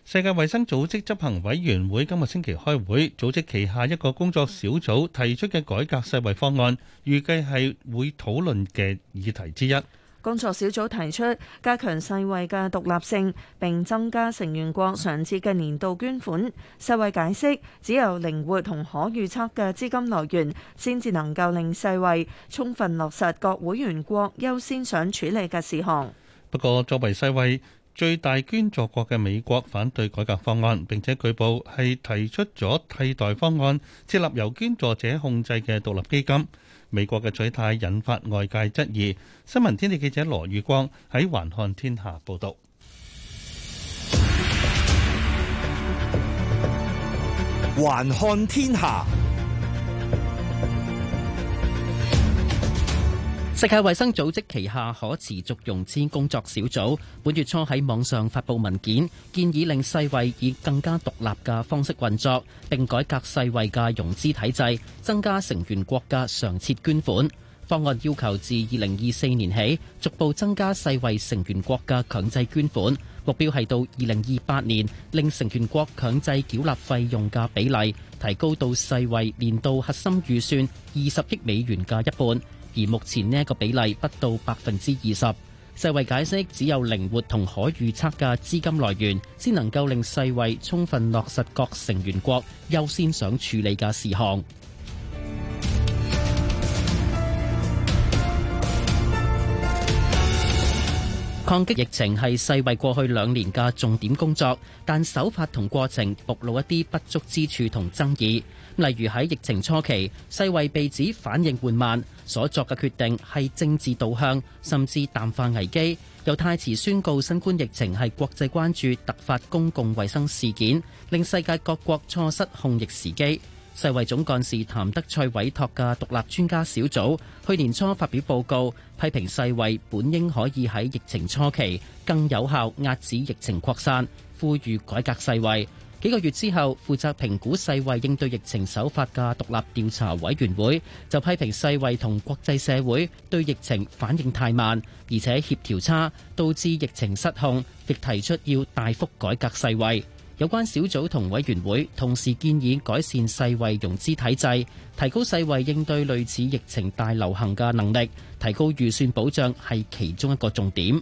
世界衛生組織執行委員會今個星期開會，組織旗下一個工作小組提出嘅改革世衛方案，預計係會討論嘅議題之一。工作小組提出加強世衛嘅獨立性，並增加成員國常設嘅年度捐款。世衛解釋只有靈活同可預測嘅資金來源，先至能夠令世衛充分落實各會員國優先想處理嘅事項。不過作為世衛最大捐助國嘅美國反對改革方案，並且據報係提出咗替代方案，設立由捐助者控制嘅獨立基金。美國嘅取態引發外界質疑。新聞天地記者羅宇光喺環看天下報導。環看天下。報世界衛生組織旗下可持續融資工作小組本月初喺網上發布文件，建議令世衛以更加獨立嘅方式運作，並改革世衛嘅融資體制，增加成員國嘅常設捐款。方案要求自二零二四年起，逐步增加世衛成員國嘅強制捐款，目標係到二零二八年令成員國強制繳納費用嘅比例提高到世衛年度核心預算二十億美元嘅一半。而目前呢一個比例不到百分之二十。世衛解釋，只有靈活同可預測嘅資金來源，先能夠令世衛充分落實各成員國優先想處理嘅事項。 [noise] 抗擊疫情係世衛過去兩年嘅重點工作，但手法同過程暴露一啲不足之處同爭議。例如喺疫情初期，世衛被指反應緩慢，所作嘅決定係政治導向，甚至淡化危機，又太遲宣告新冠疫情係國際關注突發公共衛生事件，令世界各國錯失控疫時機。世衛總幹事譚德塞委託嘅獨立專家小組去年初發表報告，批評世衛本應可以喺疫情初期更有效遏止疫情擴散，呼籲改革世衛。幾個月之後,負責評估世衛應對疫情手法嘅獨立調查委員會,就批評世衛同國際社會對疫情反應太慢,而且協調差,導致疫情失控,亦提出要大幅改革世衛。有關小組同委員會同時建議改善世衛融資體制,提高世衛應對類似疫情大流行嘅能力,提高預算保障係其中一個重點。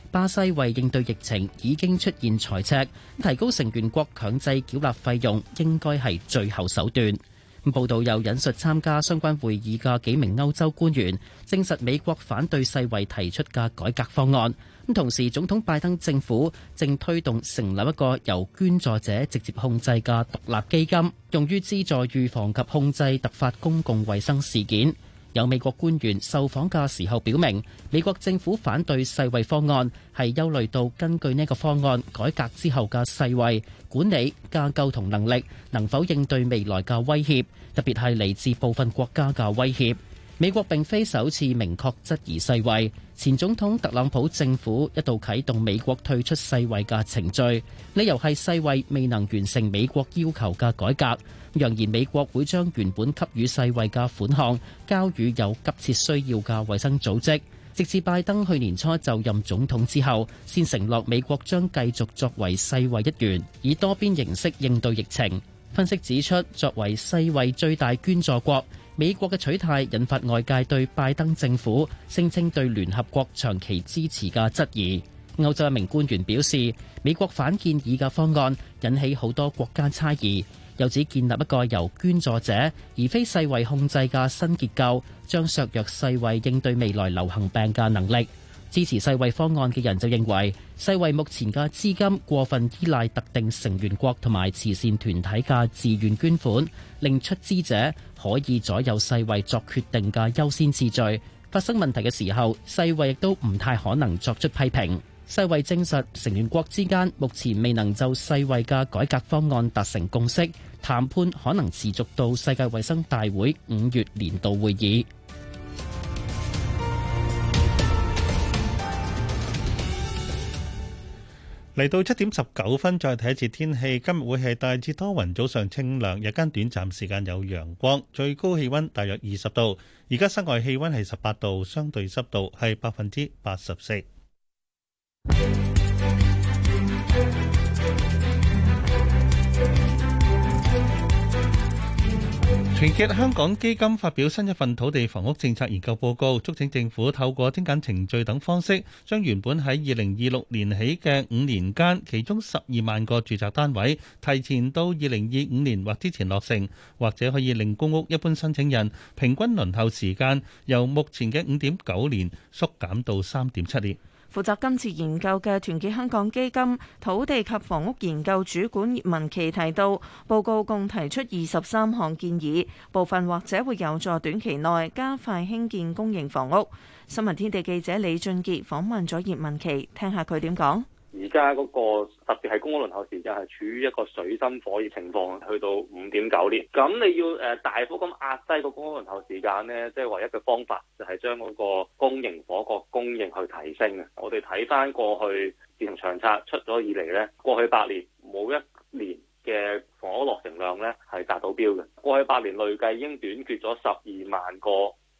巴西為應對疫情已經出現財赤，提高成員國強制繳納費用應該係最後手段。報道又引述參加相關會議嘅幾名歐洲官員，證實美國反對世衛提出嘅改革方案。同時，總統拜登政府正推動成立一個由捐助者直接控制嘅獨立基金，用於資助預防及控制突發公共衛生事件。有美國官員受訪嘅時候表明，美國政府反對世衛方案，係憂慮到根據呢個方案改革之後嘅世衛管理、架構同能力，能否應對未來嘅威脅，特別係嚟自部分國家嘅威脅。美國並非首次明確質疑世衛，前總統特朗普政府一度啟動美國退出世衛嘅程序，理由係世衛未能完成美國要求嘅改革。揚言美國會將原本給予世衛嘅款項交予有急切需要嘅衛生組織，直至拜登去年初就任總統之後先承諾美國將繼續作為世衛一員，以多邊形式應對疫情。分析指出，作為世衛最大捐助國，美國嘅取態引發外界對拜登政府聲稱對聯合國長期支持嘅質疑。歐洲一名官員表示，美國反建議嘅方案引起好多國家猜疑，又指建立一個由捐助者而非世衛控制嘅新結構，將削弱世衛應對未來流行病嘅能力。支持世衛方案嘅人就認為，世衛目前嘅資金過分依賴特定成員國同埋慈善團體嘅自願捐款，令出資者可以左右世衛作決定嘅優先次序。發生問題嘅時候，世衛亦都唔太可能作出批評。世衛證實，成員國之間目前未能就世衛嘅改革方案達成共識，談判可能持續到世界衛生大會五月年度會議。嚟到七點十九分，再睇一次天氣。今日會係大致多雲，早上清涼，日間短暫時間有陽光，最高氣溫大約二十度。而家室外氣溫係十八度，相對濕度係百分之八十四。團結香港基金發表新一份土地房屋政策研究報告，促請政府透過精簡程序等方式，將原本喺二零二六年起嘅五年間，其中十二萬個住宅單位提前到二零二五年或之前落成，或者可以令公屋一般申請人平均輪候時間由目前嘅五點九年縮減到三點七年。負責今次研究嘅團結香港基金土地及房屋研究主管葉文琪提到，報告共提出二十三項建議，部分或者會有助短期內加快興建公營房屋。新聞天地記者李俊傑訪問咗葉文琪，聽下佢點講。而家嗰個特別係公屋輪候時間係處於一個水深火熱情況，去到五點九年。咁你要誒大幅咁壓低個公屋輪候時間咧，即係唯一嘅方法就係將嗰個公營嗰個供應去提升啊！我哋睇翻過去自從長策出咗以嚟咧，過去八年冇一年嘅房屋落成量咧係達到標嘅。過去八年累計已經短缺咗十二萬個。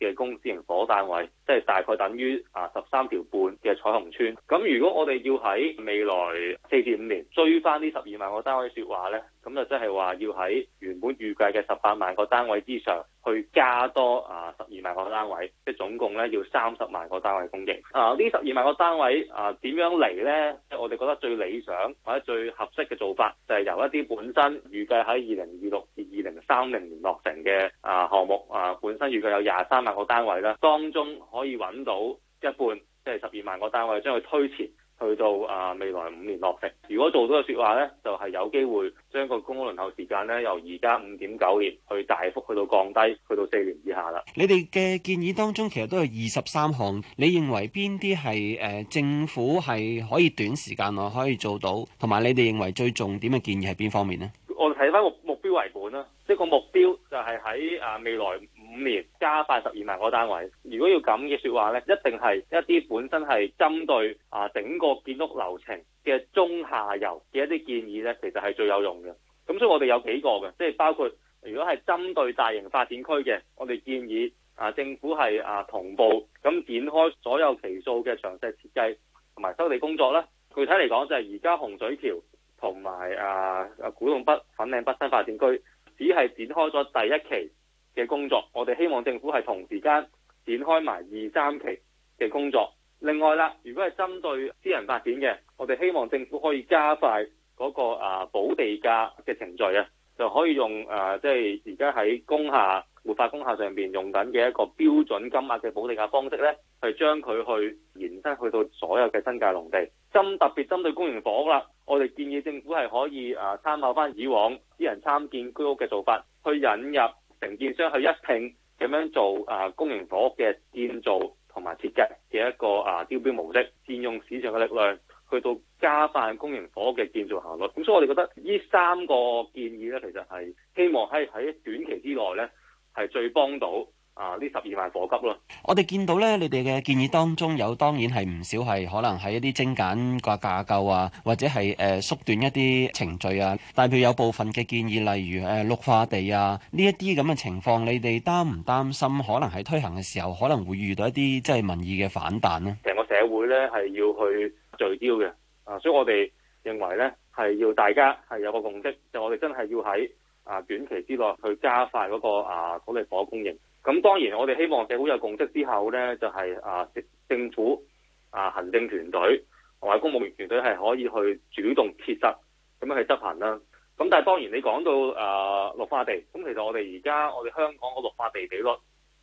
嘅公司型火單位，即係大概等於啊十三條半嘅彩虹村。咁如果我哋要喺未來四至五年追翻呢十二萬個單位説話呢，咁就即係話要喺原本預計嘅十八萬個單位之上。去加多啊十二萬個單位，即總共咧要三十萬個單位供應。啊，呢十二萬個單位啊，點樣嚟呢？即係、我哋覺得最理想或者最合適嘅做法，就係、係、由一啲本身預計喺二零二六至二零三零年落成嘅啊項目啊，本身預計有廿三萬個單位咧，當中可以揾到一半，即係十二萬個單位，將佢推前。去到啊，未來五年落成，如果做到嘅説話呢，就係有機會將個公屋輪候時間呢，由而家五點九年去大幅去到降低，去到四年以下啦。你哋嘅建議當中其實都有二十三項，你認為邊啲係誒政府係可以短時間內可以做到，同埋你哋認為最重點嘅建議係邊方面呢？我哋睇翻個目標為本啦，即係個目標就係喺啊未來。五年加快十二萬個單位，如果要咁嘅說話呢，一定係一啲本身係針對啊整個建築流程嘅中下游嘅一啲建議呢，其實係最有用嘅。咁所以我哋有幾個嘅，即係包括如果係針對大型發展區嘅，我哋建議啊政府係啊同步咁展開所有期數嘅詳細設計同埋收地工作呢，具體嚟講就係而家洪水橋同埋啊古洞北粉嶺北新發展區，只係展開咗第一期。嘅工作，我哋希望政府係同時間展開埋二三期嘅工作。另外啦，如果係針對私人發展嘅，我哋希望政府可以加快嗰個啊補地價嘅程序啊，就可以用誒即係而家喺工廈活化工廈上邊用緊嘅一個標準金額嘅補地價方式咧，去將佢去延伸去到所有嘅新界農地。針特別針對公營房屋啦，我哋建議政府係可以誒參考翻以往私人參建居屋嘅做法，去引入。承建商去一拼咁樣做啊，公營房屋嘅建造同埋設計嘅一個啊，招標模式，佔用市場嘅力量去到加快公營房屋嘅建造效率。咁所以我哋覺得呢三個建議呢，其實係希望喺喺短期之內呢，係最幫到。啊！呢十二萬火急咯！我哋見到咧，你哋嘅建議當中有，當然係唔少係可能喺一啲精簡個架構啊，或者係誒、呃、縮短一啲程序啊。但係譬如有部分嘅建議，例如誒、呃、綠化地啊呢一啲咁嘅情況，你哋擔唔擔心可能喺推行嘅時候，可能會遇到一啲即係民意嘅反彈咧、啊？成個社會咧係要去聚焦嘅，啊，所以我哋認為咧係要大家係有個共識，就是、我哋真係要喺啊短期之內去加快嗰、那個啊土地、啊、火，火供應，應。咁當然，我哋希望社會有共識之後呢，就係、係、啊政府啊行政團隊同埋公務員團隊係可以去主動設質，咁樣去執行啦。咁但係當然你，你講到啊綠化地，咁其實我哋而家我哋香港個綠化地比率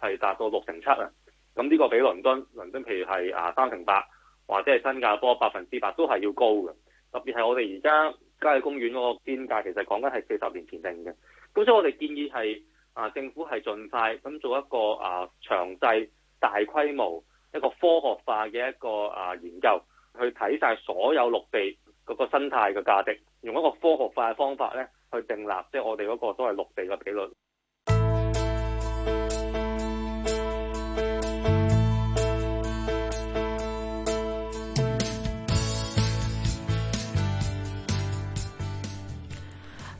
係達到六成七啊。咁呢個比倫敦、倫敦譬，譬如係啊三成八，或者係新加坡百分之八都係要高嘅。特別係我哋而家郊野公園嗰個邊界，其實講緊係四十年前定嘅。咁所以我哋建議係。啊！政府係盡快咁做一個啊詳細大規模一個科學化嘅一個啊研究，去睇晒所有陸地嗰個生態嘅價值，用一個科學化嘅方法咧去定立，即係我哋嗰個都係陸地嘅比率。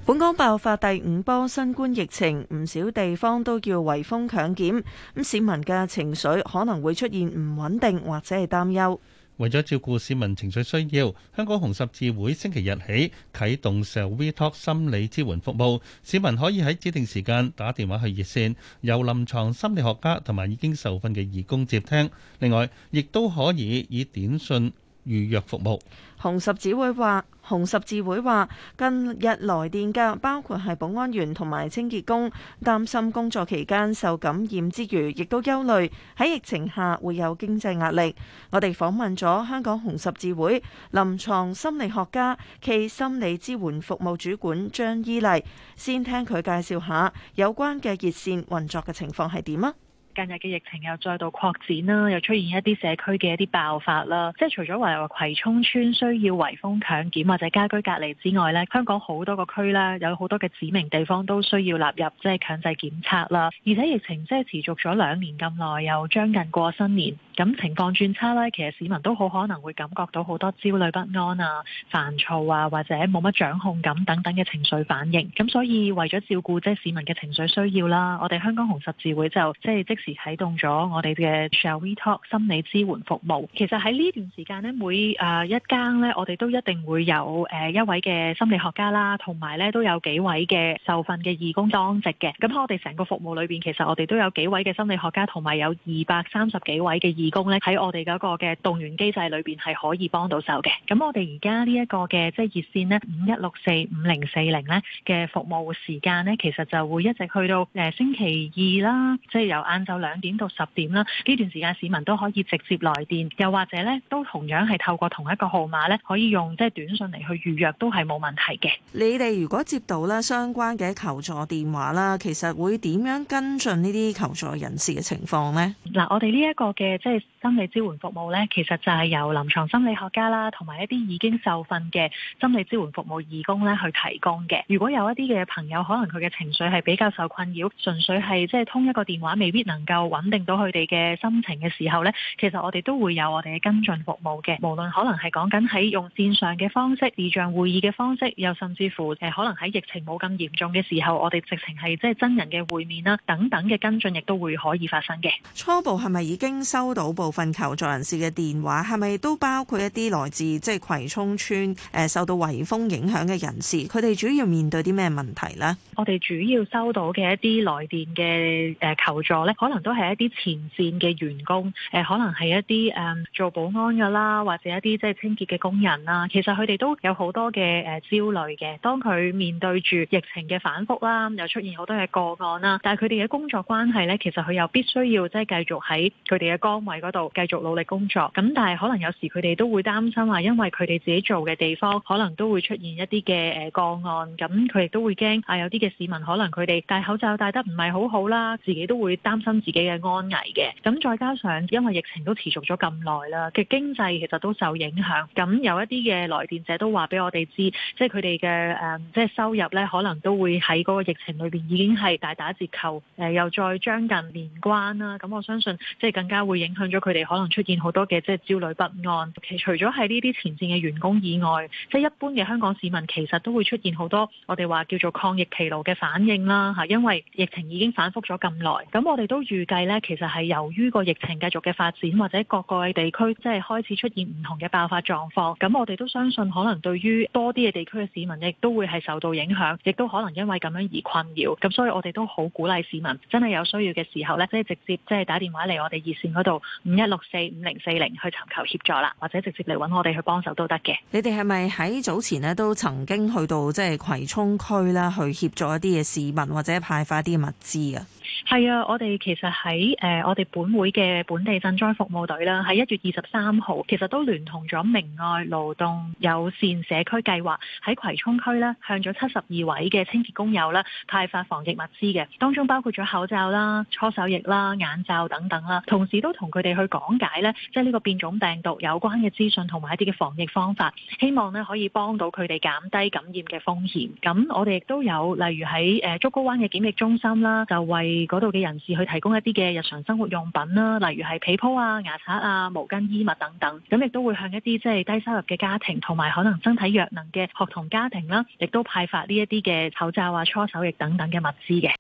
本港爆發第五波新冠疫情，唔少地方都叫圍封強檢，咁市民嘅情緒可能會出現唔穩定或者係擔憂。為咗照顧市民情緒需要，香港紅十字會星期日起啟動 Shall We Talk 心理支援服務，市民可以喺指定時間打電話去熱線，由臨牀心理學家同埋已經受訓嘅義工接聽。另外，亦都可以以短訊預約服務。紅十字會話。紅十字會話，近日來電嘅包括係保安員同埋清潔工，擔心工作期間受感染之餘，亦都憂慮喺疫情下會有經濟壓力。我哋訪問咗香港紅十字會臨床心理學家、暨心理支援服務主管張伊麗，先聽佢介紹下有關嘅熱線運作嘅情況係點啊。近日嘅疫情又再度擴展啦，又出現一啲社區嘅一啲爆發啦。即係除咗話葵涌村需要圍封強檢或者家居隔離之外咧，香港好多個區咧有好多嘅指明地方都需要納入即係強制檢測啦。而且疫情即係持續咗兩年咁耐，又將近過新年，咁情況轉差咧，其實市民都好可能會感覺到好多焦慮不安啊、煩躁啊或者冇乜掌控感等等嘅情緒反應。咁所以為咗照顧即係市民嘅情緒需要啦，我哋香港紅十字會就即係即係啟動咗我哋嘅 Shall We Talk 心理支援服務。其實喺呢段時間咧，每誒一更咧，我哋都一定會有誒一位嘅心理學家啦，同埋咧都有幾位嘅受訓嘅義工當值嘅。咁我哋成個服務裏邊，其實我哋都有幾位嘅心理學家，同埋有二百三十幾位嘅義工咧喺我哋嗰個嘅動員機制裏邊係可以幫到手嘅。咁我哋而家呢一個嘅即係熱線咧，五一六四五零四零咧嘅服務時間咧，其實就會一直去到誒星期二啦，即係由晏晝。兩點到十點啦，呢段時間市民都可以直接來電，又或者咧都同樣係透過同一個號碼咧，可以用即係短信嚟去預約都係冇問題嘅。你哋如果接到咧相關嘅求助電話啦，其實會點樣跟進呢啲求助人士嘅情況咧？嗱，我哋呢一個嘅即係心理支援服務咧，其實就係由臨床心理學家啦，同埋一啲已經受訓嘅心理支援服務義工咧去提供嘅。如果有一啲嘅朋友可能佢嘅情緒係比較受困擾，純粹係即係通一個電話，未必能。能夠穩定到佢哋嘅心情嘅時候咧，其實我哋都會有我哋嘅跟進服務嘅。無論可能係講緊喺用線上嘅方式、視像會議嘅方式，又甚至乎誒可能喺疫情冇咁嚴重嘅時候，我哋直情係即係真人嘅會面啦，等等嘅跟進亦都會可以發生嘅。初步係咪已經收到部分求助人士嘅電話？係咪都包括一啲來自即係、就是、葵涌村誒受到颱風影響嘅人士？佢哋主要面對啲咩問題咧？我哋主要收到嘅一啲來電嘅誒求助咧。可能都係一啲前線嘅員工，誒、呃，可能係一啲誒、嗯、做保安噶啦，或者一啲即係清潔嘅工人啦、啊。其實佢哋都有好多嘅誒焦慮嘅。當佢面對住疫情嘅反覆啦，又出現好多嘅個案啦，但係佢哋嘅工作關係咧，其實佢又必須要即係繼續喺佢哋嘅崗位嗰度繼續努力工作。咁但係可能有時佢哋都會擔心話、啊，因為佢哋自己做嘅地方可能都會出現一啲嘅誒個案，咁佢亦都會驚啊，有啲嘅市民可能佢哋戴口罩戴得唔係好好啦，自己都會擔心。自己嘅安危嘅，咁再加上因為疫情都持續咗咁耐啦，嘅經濟其實都受影響。咁有一啲嘅來電者都話俾我哋知，即係佢哋嘅誒，即係收入咧，可能都會喺嗰個疫情裏邊已經係大打折扣。誒、呃，又再將近年關啦，咁我相信即係更加會影響咗佢哋，可能出現好多嘅即係焦慮不安。其除咗係呢啲前線嘅員工以外，即係一般嘅香港市民，其實都會出現好多我哋話叫做抗疫疲勞嘅反應啦。吓，因為疫情已經反覆咗咁耐，咁我哋都。預計咧，其實係由於個疫情繼續嘅發展，或者各個地區即係開始出現唔同嘅爆發狀況。咁我哋都相信，可能對於多啲嘅地區嘅市民，亦都會係受到影響，亦都可能因為咁樣而困擾。咁所以，我哋都好鼓勵市民，真係有需要嘅時候咧，即係直接即係打電話嚟我哋熱線嗰度，五一六四五零四零去尋求協助啦，或者直接嚟揾我哋去幫手都得嘅。你哋係咪喺早前咧都曾經去到即係葵涌區啦，去協助一啲嘅市民或者派發一啲物資啊？係啊，我哋其實喺誒、呃、我哋本會嘅本地賑災服務隊啦，喺一月二十三號，其實都聯同咗明愛勞動友善社區計劃喺葵涌區咧，向咗七十二位嘅清潔工友啦，派發防疫物資嘅，當中包括咗口罩啦、搓手液啦、眼罩等等啦，同時都同佢哋去講解咧，即係呢個變種病毒有關嘅資訊同埋一啲嘅防疫方法，希望咧可以幫到佢哋減低感染嘅風險。咁我哋亦都有例如喺誒竹篙灣嘅檢疫中心啦，就為嗰度嘅人士去提供一啲嘅日常生活用品啦，例如係被鋪啊、牙刷啊、毛巾、衣物等等，咁亦都會向一啲即係低收入嘅家庭，同埋可能身體弱能嘅學童家庭啦，亦都派發呢一啲嘅口罩啊、搓手液等等嘅物資嘅。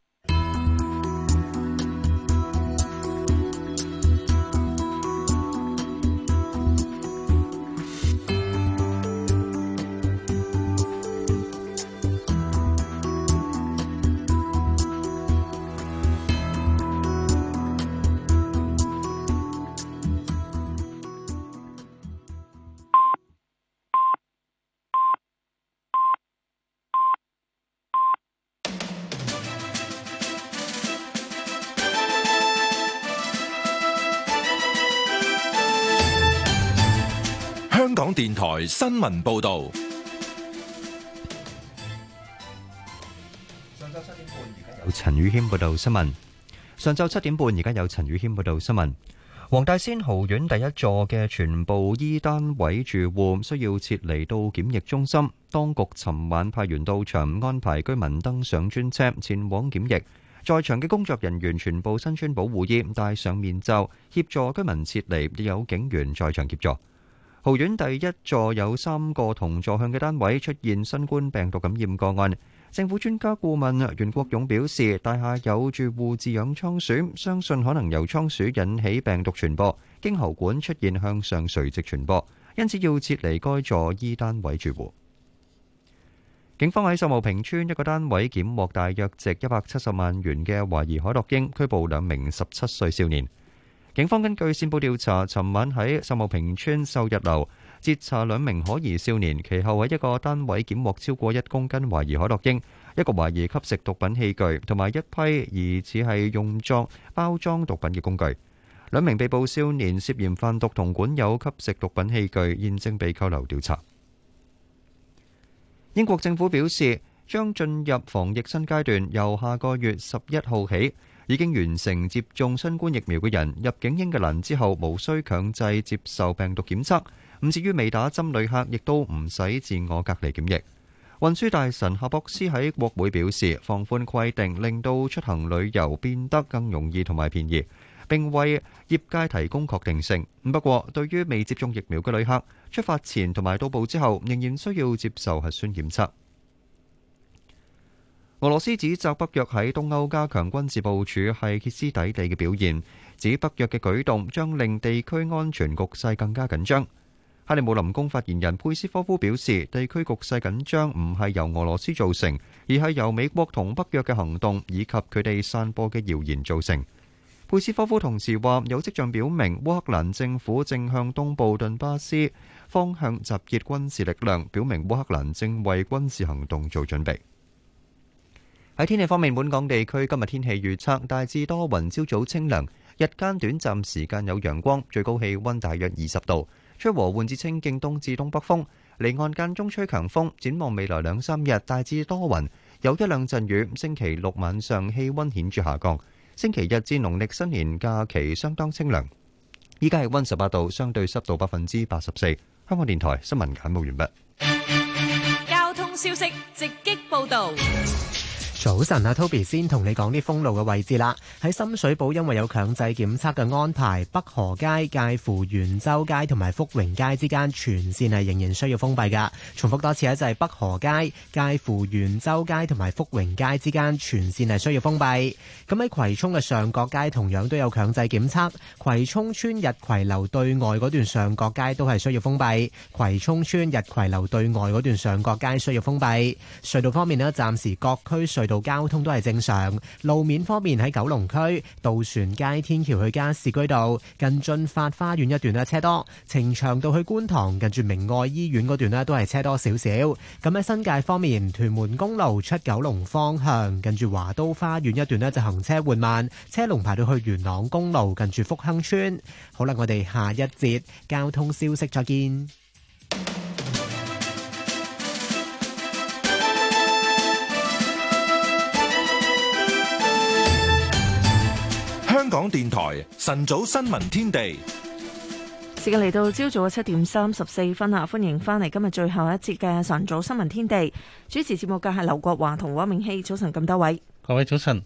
電台新聞報道。上晝七點半而家，有陳宇謙報道新聞。上晝七點半而家，有陳宇謙報道新聞。黃大仙豪苑第一座嘅全部 E 單位住戶需要撤離到檢疫中心。當局尋晚派員到場安排居民登上專車前往檢疫。在場嘅工作人員全部身穿保護衣，戴上面罩協助居民撤離，有警員在場協助。桃園第一座有三個同座向嘅單位出現新冠病毒感染個案，政府專家顧問袁國勇表示，大廈有住戶飼養倉鼠，相信可能由倉鼠引起病毒傳播，經喉管出現向上垂直傳播，因此要撤離該座 E 單位住戶。警方喺秀茂坪村一個單位檢獲大約值一百七十萬元嘅懷疑海洛因，拘捕兩名十七歲少年。警方根據線報調查，尋晚喺秀茂坪村秀逸樓截查兩名可疑少年，其後喺一個單位檢獲超過一公斤懷疑海洛英，一個懷疑吸食毒品器具，同埋一批疑似係用作包裝毒品嘅工具。兩名被捕少年涉嫌販毒同管有吸食毒品器具，現正被扣留調查。英國政府表示將進入防疫新階段，由下個月十一號起。已經完成接種新冠疫苗嘅人入境英格蘭之後，無需強制接受病毒檢測。唔至於未打針旅客亦都唔使自我隔離檢疫。運輸大臣夏博斯喺國會表示，放寬規定令到出行旅遊變得更容易同埋便宜，並為業界提供確定性。唔不過，對於未接種疫苗嘅旅客，出發前同埋到埗之後，仍然需要接受核酸檢測。俄羅斯指責北約喺東歐加強軍事部署係歇斯底里嘅表現，指北約嘅舉動將令地區安全局勢更加緊張。克里姆林宮發言人佩斯科夫表示，地區局勢緊張唔係由俄羅斯造成，而係由美國同北約嘅行動以及佢哋散播嘅謠言造成。佩斯科夫同時話，有跡象表明烏克蘭政府正向東部頓巴斯方向集結軍事力量，表明烏克蘭正為軍事行動做準備。喺天氣方面，本港地區今日天氣預測大致多雲，朝早清涼，日間短暫時間有陽光，最高氣温大約二十度，吹和緩至清勁東至東北風。離岸間中吹強風。展望未來兩三日大致多雲，有一兩陣雨。星期六晚上氣温顯著下降。星期日至農曆新年假期相當清涼。依家氣温十八度，相對濕度百分之八十四。香港電台新聞簡報完畢。交通消息直擊報道。早晨啊，Toby 先同你講啲封路嘅位置啦。喺深水埗，因為有強制檢測嘅安排，北河街介乎元州街同埋福榮街之間全線係仍然需要封閉噶。重複多次啊，就係北河街介乎元州街同埋福榮街之間全線係需要封閉。咁喺葵涌嘅上角街同樣都有強制檢測，葵涌邨日葵樓對外嗰段上角街都係需要封閉。葵涌邨日葵樓對外嗰段上角街需要封閉。隧道方面咧，暫時各區隧。道交通都係正常，路面方面喺九龍區渡船街天橋去加士居道近駿發花園一段咧車多，呈祥道去觀塘近住明愛醫院嗰段咧都係車多少少。咁喺新界方面，屯門公路出九龍方向近住華都花園一段咧就行車緩慢，車龍排到去元朗公路近住福亨村。好啦，我哋下一節交通消息再見。香港電台晨早新聞天地，時間嚟到朝早嘅七點三十四分啦，歡迎翻嚟今日最後一節嘅晨早新聞天地，主持節目嘅係劉國華同汪明熙。早晨咁多位，各位早晨。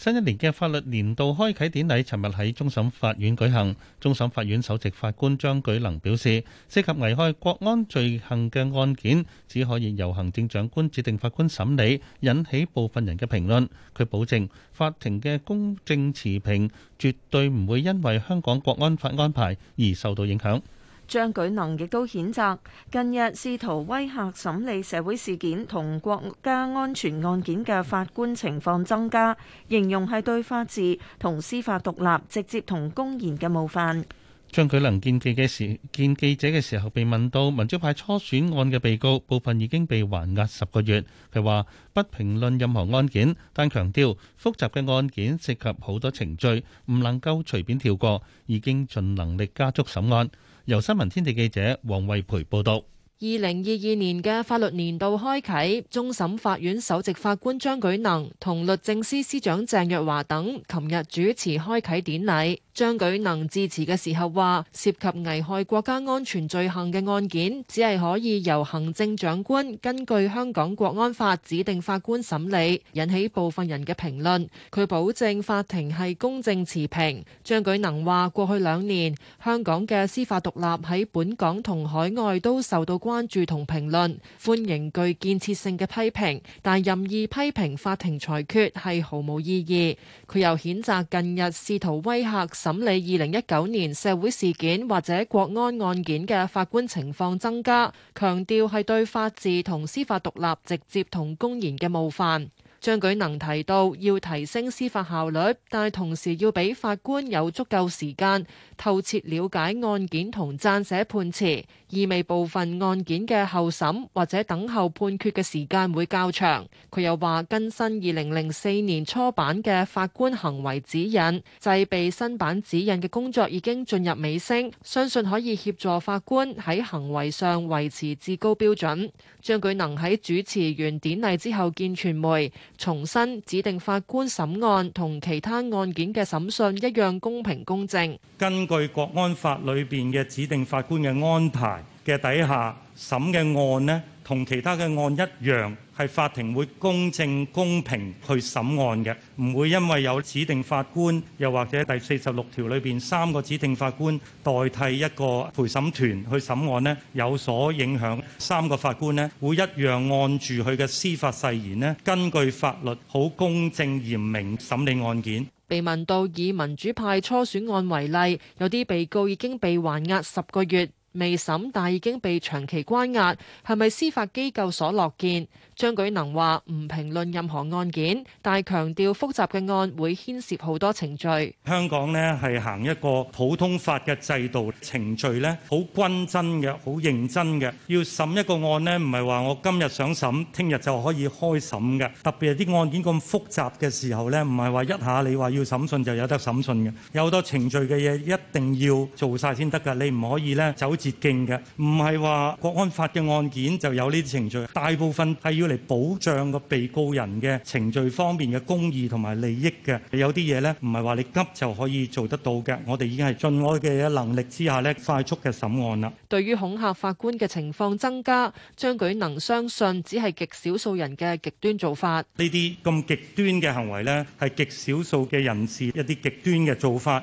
新一年嘅法律年度開啟典禮，尋日喺終審法院舉行。終審法院首席法官張舉能表示，涉及危害國安罪行嘅案件，只可以由行政長官指定法官審理，引起部分人嘅評論。佢保證法庭嘅公正持平，絕對唔會因為香港國安法安排而受到影響。張舉能亦都譴責近日試圖威嚇審理社會事件同國家安全案件嘅法官情況增加，形容係對法治同司法獨立直接同公然嘅冒犯。張舉能見記者時見記者嘅時候，被問到民主派初選案嘅被告部分已經被還押十個月，佢話不評論任何案件，但強調複雜嘅案件涉及好多程序，唔能夠隨便跳過，已經盡能力加速審案。由新聞天地記者黃慧培報道。二零二二年嘅法律年度開啟，終審法院首席法官張舉能同律政司司長鄭若驊等，琴日主持開啟典禮。張舉能致辭嘅時候話，涉及危害國家安全罪行嘅案件，只係可以由行政長官根據香港國安法指定法官審理，引起部分人嘅評論。佢保證法庭係公正持平。張舉能話，過去兩年，香港嘅司法獨立喺本港同海外都受到。關注同評論，歡迎具建設性嘅批評，但任意批評法庭裁決係毫無意義。佢又譴責近日試圖威嚇審理二零一九年社會事件或者國安案件嘅法官情況增加，強調係對法治同司法獨立直接同公然嘅冒犯。張舉能提到要提升司法效率，但係同時要俾法官有足夠時間透徹了解案件同撰寫判詞。意味部分案件嘅候審或者等候判決嘅時間會較長。佢又話：更新二零零四年初版嘅法官行為指引，製備新版指引嘅工作已經進入尾聲，相信可以協助法官喺行為上維持至高標準，張舉能喺主持完典禮之後見傳媒，重申指定法官審案同其他案件嘅審訊一樣公平公正。根據《國安法》裏邊嘅指定法官嘅安排。嘅底下審嘅案呢，同其他嘅案一樣，係法庭會公正公平去審案嘅，唔會因為有指定法官，又或者第四十六條裏邊三個指定法官代替一個陪審團去審案呢，有所影響。三個法官呢，會一樣按住佢嘅司法誓言呢，根據法律好公正嚴明審理案件。被問到以民主派初選案為例，有啲被告已經被還押十個月。未審，但已經被長期關押，係咪司法機構所樂見？張舉能話唔評論任何案件，但係強調複雜嘅案會牽涉好多程序。香港咧係行一個普通法嘅制度，程序咧好均真嘅，好認真嘅。要審一個案咧，唔係話我今日想審，聽日就可以開審嘅。特別係啲案件咁複雜嘅時候咧，唔係話一下你話要審訊就有得審訊嘅，有好多程序嘅嘢，一定要做晒先得㗎，你唔可以咧走捷徑嘅。唔係話國安法嘅案件就有呢啲程序，大部分係要。嚟保障個被告人嘅程序方面嘅公義同埋利益嘅，有啲嘢咧唔係話你急就可以做得到嘅。我哋已經係盡我嘅能力之下咧，快速嘅審案啦。對於恐嚇法官嘅情況增加，張舉能相信只係極少數人嘅極端做法。呢啲咁極端嘅行為咧，係極少數嘅人士一啲極端嘅做法。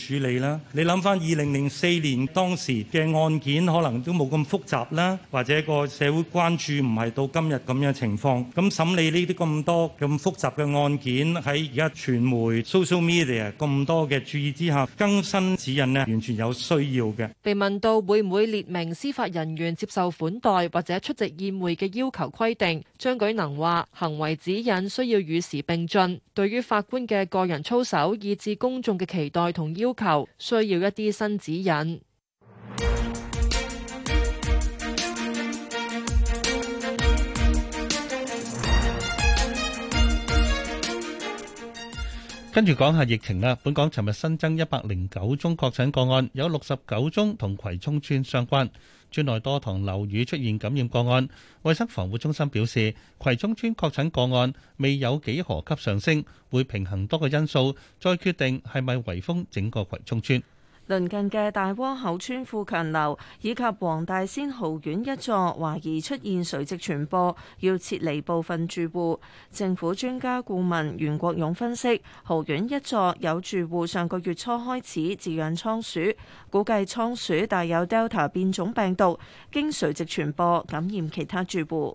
處理啦，你諗翻二零零四年當時嘅案件，可能都冇咁複雜啦，或者個社會關注唔係到今日咁樣情況。咁審理呢啲咁多咁複雜嘅案件，喺而家傳媒 social media 咁多嘅注意之下，更新指引呢，完全有需要嘅。被問到會唔會列明司法人員接受款待或者出席宴會嘅要求規定，張舉能話：行為指引需要與時並進，對於法官嘅個人操守，以至公眾嘅期待同要求。要求需要一啲新指引。跟住講下疫情啦。本港尋日新增一百零九宗確診個案，有六十九宗同葵涌邨相關。村內多幢樓宇出現感染個案，衛生防護中心表示，葵涌村確診個案未有幾何級上升，會平衡多個因素，再決定係咪圍封整個葵涌村。鄰近嘅大窩口村富強樓以及黃大仙豪苑一座，懷疑出現垂直傳播，要撤離部分住戶。政府專家顧問袁國勇分析，豪苑一座有住戶上個月初開始飼養倉鼠，估計倉鼠帶有 Delta 變種病毒，經垂直傳播感染其他住戶。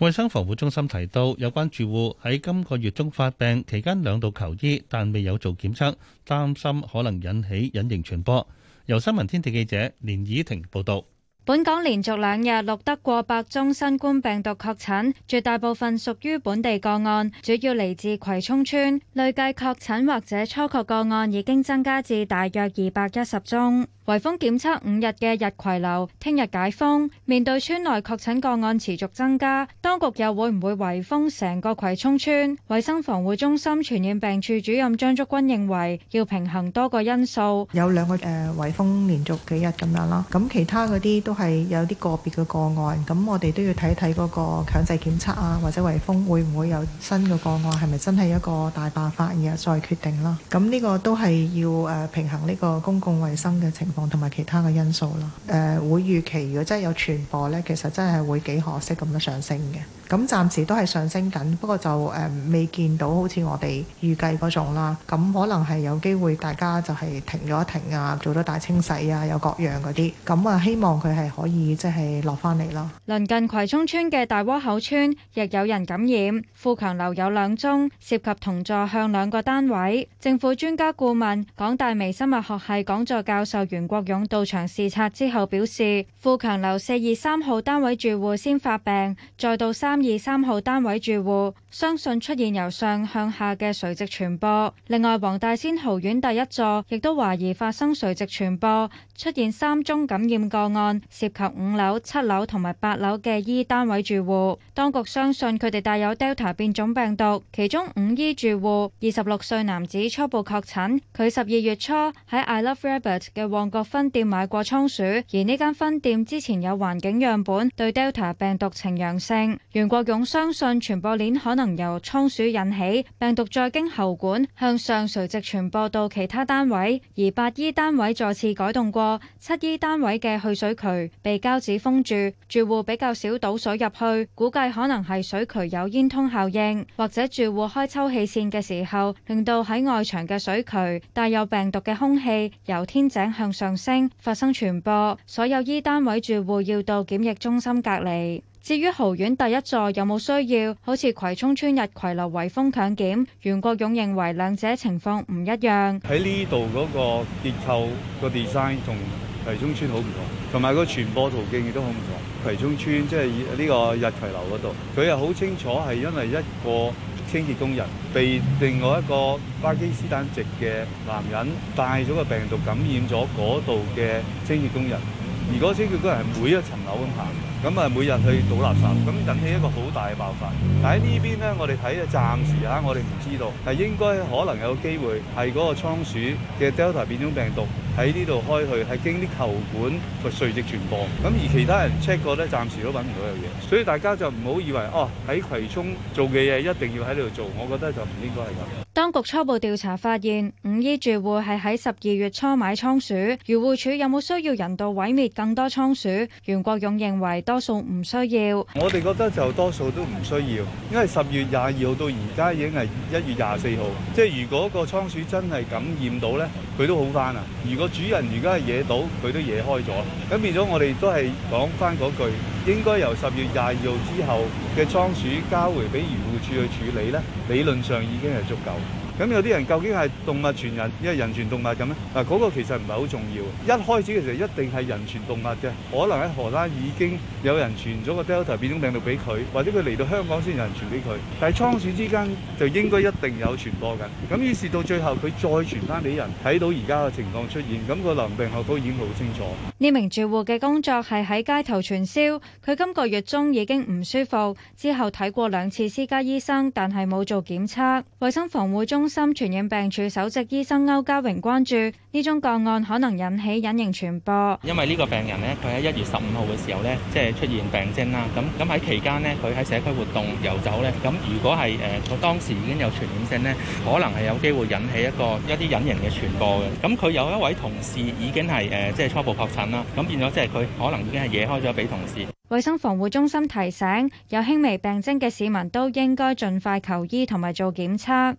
衛生防護中心提到，有關住戶喺今個月中發病期間兩度求醫，但未有做檢測，擔心可能引起隱形傳播。由新聞天地記者連以婷報道。本港連續兩日錄得過百宗新冠病毒確診，絕大部分屬於本地個案，主要嚟自葵涌村。累計確診或者初確個案已經增加至大約二百一十宗。圍封檢測五日嘅日葵樓聽日解封。面對村內確診個案持續增加，當局又會唔會圍封成個葵涌村？衞生防護中心傳染病處主任張竹君認為，要平衡多個因素。有兩個誒，圍封連續幾日咁樣啦，咁其他嗰啲都。都係有啲個別嘅個案，咁我哋都要睇睇嗰個強制檢測啊，或者圍封會唔會有新嘅個案，係咪真係一個大爆發，然後再決定咯。咁呢個都係要誒、呃、平衡呢個公共衞生嘅情況同埋其他嘅因素啦。誒、呃、會預期，如果真係有傳播呢，其實真係會幾可惜咁樣上升嘅。咁、嗯、暫時都係上升緊，不過就誒未、嗯、見到好似我哋預計嗰種啦。咁、嗯、可能係有機會大家就係停咗一停啊，做咗大清洗啊，有各樣嗰啲。咁啊，希望佢係可以即係落翻嚟咯。就是、鄰近葵涌村嘅大窩口村亦有人感染，富強樓有兩宗涉及同座向兩個單位。政府專家顧問、港大微生物學系講座教授袁國勇到場視察之後表示，富強樓四二三號單位住戶先發病，再到三。三二三號單位住戶相信出現由上向下嘅垂直傳播。另外，黃大仙豪苑第一座亦都懷疑發生垂直傳播，出現三宗感染個案，涉及五樓、七樓同埋八樓嘅 E 單位住戶。當局相信佢哋帶有 Delta 變種病毒，其中五 E 住戶二十六歲男子初步確診，佢十二月初喺 I Love Rabbit 嘅旺角分店買過倉鼠，而呢間分店之前有環境樣本對 Delta 病毒呈陽性。袁國勇相信傳播鏈可能由倉鼠引起，病毒再經喉管向上垂直傳播到其他單位。而八醫單位再次改動過七醫單位嘅去水渠，被膠紙封住，住戶比較少倒水入去，估計可能係水渠有煙囪效應，或者住戶開抽氣扇嘅時候，令到喺外牆嘅水渠帶有病毒嘅空氣由天井向上升發生傳播。所有醫單位住戶要到檢疫中心隔離。至於豪苑第一座有冇需要，好似葵涌村日葵樓圍封強檢，袁國勇認為兩者情況唔一樣。喺呢度嗰個結構個 design 同葵涌村好唔同，同埋個傳播途徑亦都好唔同。葵涌村即係呢個日葵樓嗰度，佢又好清楚係因為一個清潔工人被另外一個巴基斯坦籍嘅男人帶咗個病毒感染咗嗰度嘅清潔工人。而嗰清潔工人係每一層樓咁行，咁啊每日去倒垃圾，咁引起一個好大嘅爆發。但喺呢邊咧，我哋睇咧暫時嚇，我哋唔知道係應該可能有機會係嗰個倉鼠嘅 Delta 變種病毒喺呢度開去，係經啲球館個垂直傳播。咁而其他人 check 過咧，暫時都揾唔到有嘢，所以大家就唔好以為哦喺葵涌做嘅嘢一定要喺呢度做，我覺得就唔應該係咁。當局初步調查發現，五依住戶係喺十二月初買倉鼠，漁護署有冇需要人道毀滅更多倉鼠？袁國勇認為多數唔需要。我哋覺得就多數都唔需要，因為十月廿二號到而家已經係一月廿四號，即係如果個倉鼠真係感染到咧，佢都好翻啊。如果主人如果係惹到，佢都惹開咗，咁變咗我哋都係講翻嗰句，應該由十月廿二號之後嘅倉鼠交回俾漁護署去處理咧，理論上已經係足夠。咁有啲人究竟係動物傳人，因為人傳動物咁咧？嗱，嗰個其實唔係好重要。一開始嘅時候一定係人傳動物嘅，可能喺荷蘭已經有人傳咗個 Delta 變種病毒俾佢，或者佢嚟到香港先有人傳俾佢。但係倉鼠之間就應該一定有傳播㗎。咁於是到最後佢再傳翻俾人，睇到而家嘅情況出現，咁個流行病學都已經好清楚。呢名住戶嘅工作係喺街頭傳銷，佢今個月中已經唔舒服，之後睇過兩次私家醫生，但係冇做檢測。衞生防護中中心傳染病處首席醫生歐家榮關注呢宗個案，可能引起隱形傳播。因為呢個病人咧，佢喺一月十五號嘅時候咧，即係出現病徵啦。咁咁喺期間咧，佢喺社區活動遊走咧。咁如果係誒，佢、呃、當時已經有傳染性咧，可能係有機會引起一個一啲隱形嘅傳播嘅。咁佢有一位同事已經係誒，即係初步確診啦。咁變咗即係佢可能已經係惹開咗俾同事。衛生防護中心提醒，有輕微病徵嘅市民都應該盡快求醫同埋做檢測。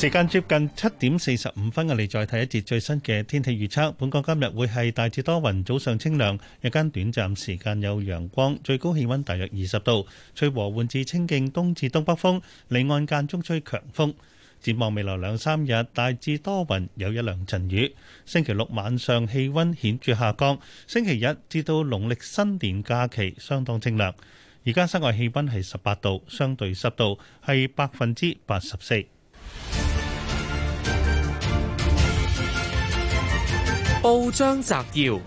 時間接近七點四十五分，我哋再睇一節最新嘅天氣預測。本港今日會係大致多雲，早上清涼，日間短暫時間有陽光，最高氣温大約二十度，吹和緩至清勁東至東北風，離岸間中吹強風。展望未來兩三日大致多雲，有一兩陣雨。星期六晚上氣温顯著下降，星期日至到農曆新年假期相當清涼。而家室外氣温係十八度，相對濕度係百分之八十四。報章摘要：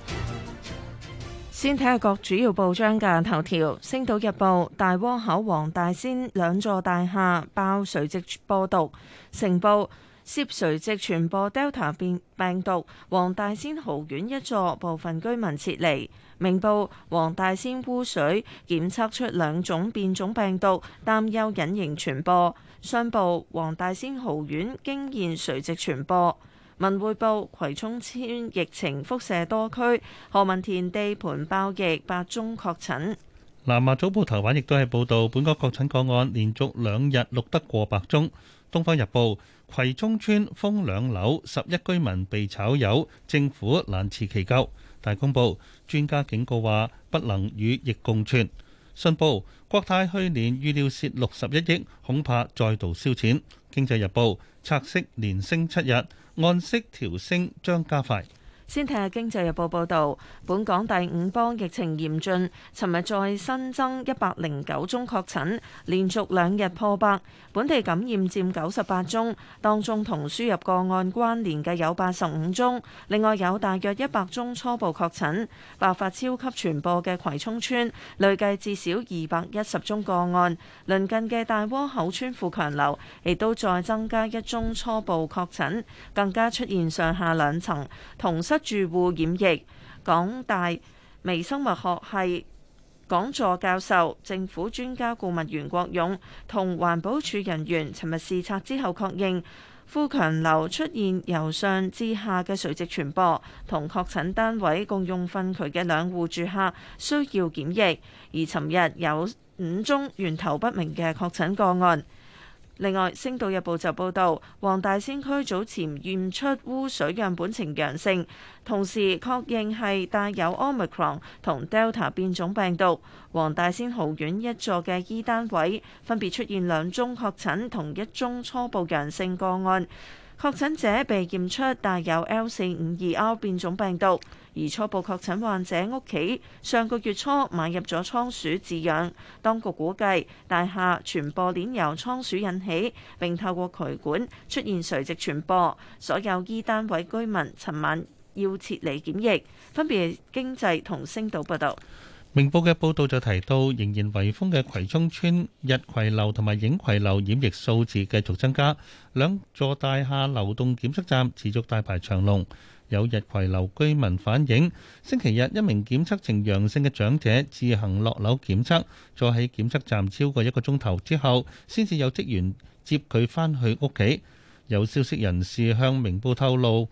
先睇下各主要報章嘅頭條。《星島日報》：大窩口黃大仙兩座大廈爆垂直播毒。《成報》：涉垂直傳播 Delta 變病毒。黃大仙豪苑一座部分居民撤離。《明報》：黃大仙污水檢測出兩種變種病毒，擔憂隱形傳播。《商報》：黃大仙豪苑驚現垂直傳播。文匯報葵涌村疫情輻射多區，何文田地盤爆疫，八宗確診。南華早報頭版亦都係報道，本港確診個案連續兩日錄得過百宗。東方日報葵涌村封兩樓，十一居民被炒魷，政府難辭其咎。大公報專家警告話，不能與疫共存。信報國泰去年預料蝕六十一億，恐怕再度燒錢。經濟日報拆息連升七日。按息調升將加快。先睇下《經濟日報》報導，本港第五波疫情嚴峻，尋日再新增一百零九宗確診，連續兩日破百。本地感染佔九十八宗，當中同輸入個案關聯嘅有八十五宗，另外有大約一百宗初步確診。爆發超級傳播嘅葵涌村，累計至少二百一十宗個案。鄰近嘅大窩口村富強樓亦都再增加一宗初步確診，更加出現上下兩層同得住戶檢疫。港大微生物學系講座教授、政府專家顧問袁國勇同環保署人員尋日視察之後，確認富強樓出現由上至下嘅垂直傳播，同確診單位共用糞渠嘅兩戶住客需要檢疫。而尋日有五宗源頭不明嘅確診個案。另外，《星島日報》就報導，黃大仙區早前驗出污水樣本呈陽性，同時確認係帶有 Omicron 同 Delta 變種病毒。黃大仙豪苑一座嘅 E 單位分別出現兩宗確診同一宗初步陽性個案。確診者被驗出帶有 L 四五二 R 變種病毒，而初步確診患者屋企上個月初買入咗倉鼠飼養，當局估計大廈傳播鏈由倉鼠引起，並透過渠管出現垂直傳播，所有 E 單位居民尋晚要撤離檢疫。分別經濟同星島報道。明報嘅報道就提到，仍然圍封嘅葵涌村日葵樓同埋影葵樓染疫數字繼續增加，兩座大廈流動檢測站持續大排長龍。有日葵樓居民反映，星期日一名檢測呈陽性嘅長者自行落樓檢測，坐在喺檢測站超過一個鐘頭之後，先至有職員接佢返去屋企。有消息人士向明報透露。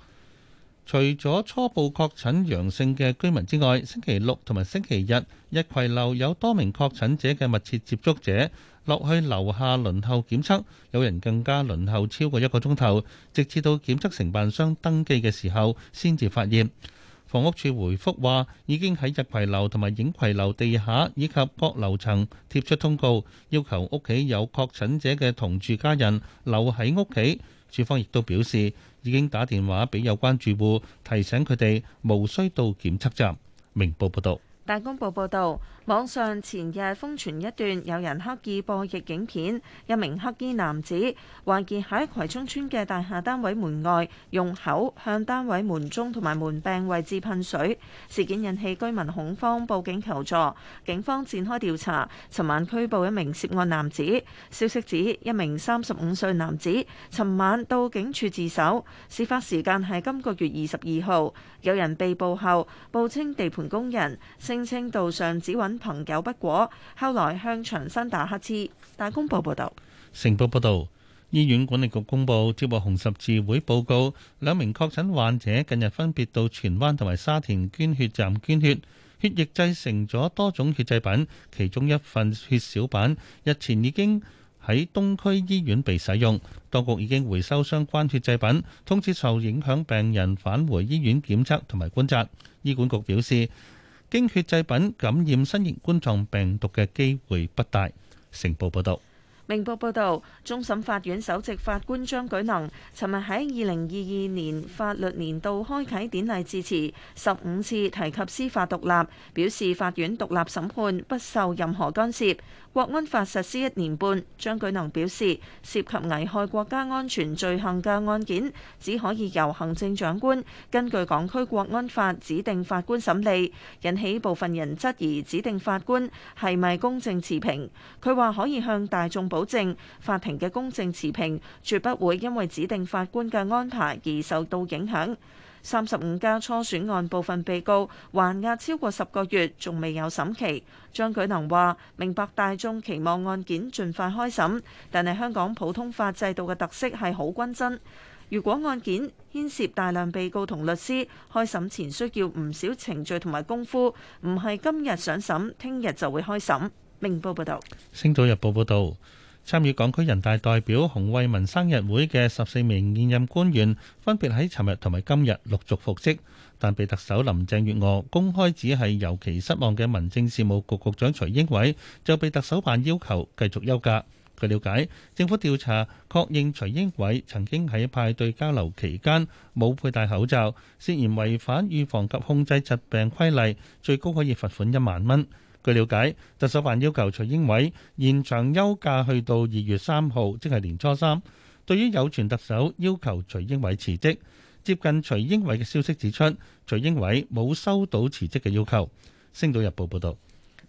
除咗初步確診陽性嘅居民之外，星期六同埋星期日，逸葵樓有多名確診者嘅密切接觸者落去樓下輪候檢測，有人更加輪候超過一個鐘頭，直至到檢測承辦商登記嘅時候先至發現。房屋署回覆話，已經喺逸葵樓同埋映葵樓地下以及各樓層貼出通告，要求屋企有確診者嘅同住家人留喺屋企。署方亦都表示，已經打電話俾有關住戶，提醒佢哋無需到檢測站。明報報道。大公報報道。網上前夜瘋傳一段有人刻意播疫影片，一名黑衣男子懷疑喺葵涌村嘅大廈單位門外用口向單位門中同埋門柄位置噴水，事件引起居民恐慌，報警求助。警方展開調查，尋晚拘捕一名涉案男子。消息指一名三十五歲男子尋晚到警署自首，事發時間係今個月二十二號。有人被捕後報稱地盤工人聲稱道上只揾。朋友不果，後來向長山打黑車。但公布報道成報報道醫院管理局公布接獲紅十字會報告，兩名確診患者近日分別到荃灣同埋沙田捐血站捐血，血液製成咗多種血製品，其中一份血小板日前已經喺東區醫院被使用，當局已經回收相關血製品，通知受影響病人返回醫院檢測同埋觀察。醫管局表示。經血製品感染新型冠狀病毒嘅機會不大。成報報道，明報報道，終審法院首席法官張舉能尋日喺二零二二年法律年度開啟典禮致辭，十五次提及司法獨立，表示法院獨立審判不受任何干涉。國安法實施一年半，張舉能表示涉及危害國家安全罪行嘅案件，只可以由行政長官根據港區國安法指定法官審理，引起部分人質疑指定法官係咪公正持平。佢話可以向大眾保證法庭嘅公正持平，絕不會因為指定法官嘅安排而受到影響。三十五家初選案部分被告還押超過十個月，仲未有審期。張舉能話：明白大眾期望案件盡快開審，但係香港普通法制度嘅特色係好均真。如果案件牽涉大量被告同律師，開審前需要唔少程序同埋功夫，唔係今日上審，聽日就會開審。明報報導，《星島日報》報導。參與港區人大代表洪為民生日會嘅十四名現任官員，分別喺尋日同埋今日陸續復職，但被特首林鄭月娥公開指係尤其失望嘅民政事務局局長徐英偉，就被特首辦要求繼續休假。據瞭解，政府調查確認徐英偉曾經喺派對交流期間冇佩戴口罩，涉嫌違反預防及控制疾病規例，最高可以罰款一萬蚊。據了解，特首還要求徐英偉延長休假去到二月三號，即係年初三。對於有傳特首要求徐英偉辭職，接近徐英偉嘅消息指出，徐英偉冇收到辭職嘅要求。星島日報報道。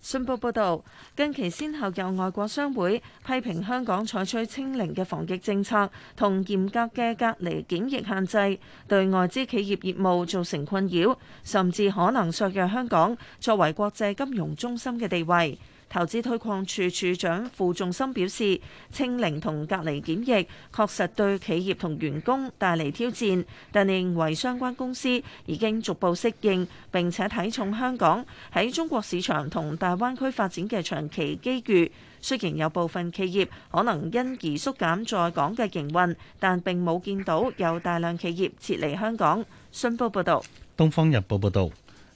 信報報導，近期先後有外國商會批評香港採取清零嘅防疫政策同嚴格嘅隔離檢疫限制，對外資企業業務造成困擾，甚至可能削弱香港作為國際金融中心嘅地位。投資推廣處處長傅仲森表示，清零同隔離檢疫確實對企業同員工帶嚟挑戰，但認為相關公司已經逐步適應，並且睇重香港喺中國市場同大灣區發展嘅長期機遇。雖然有部分企業可能因而縮減在港嘅營運，但並冇見到有大量企業撤離香港。信報報道。東方日報報道。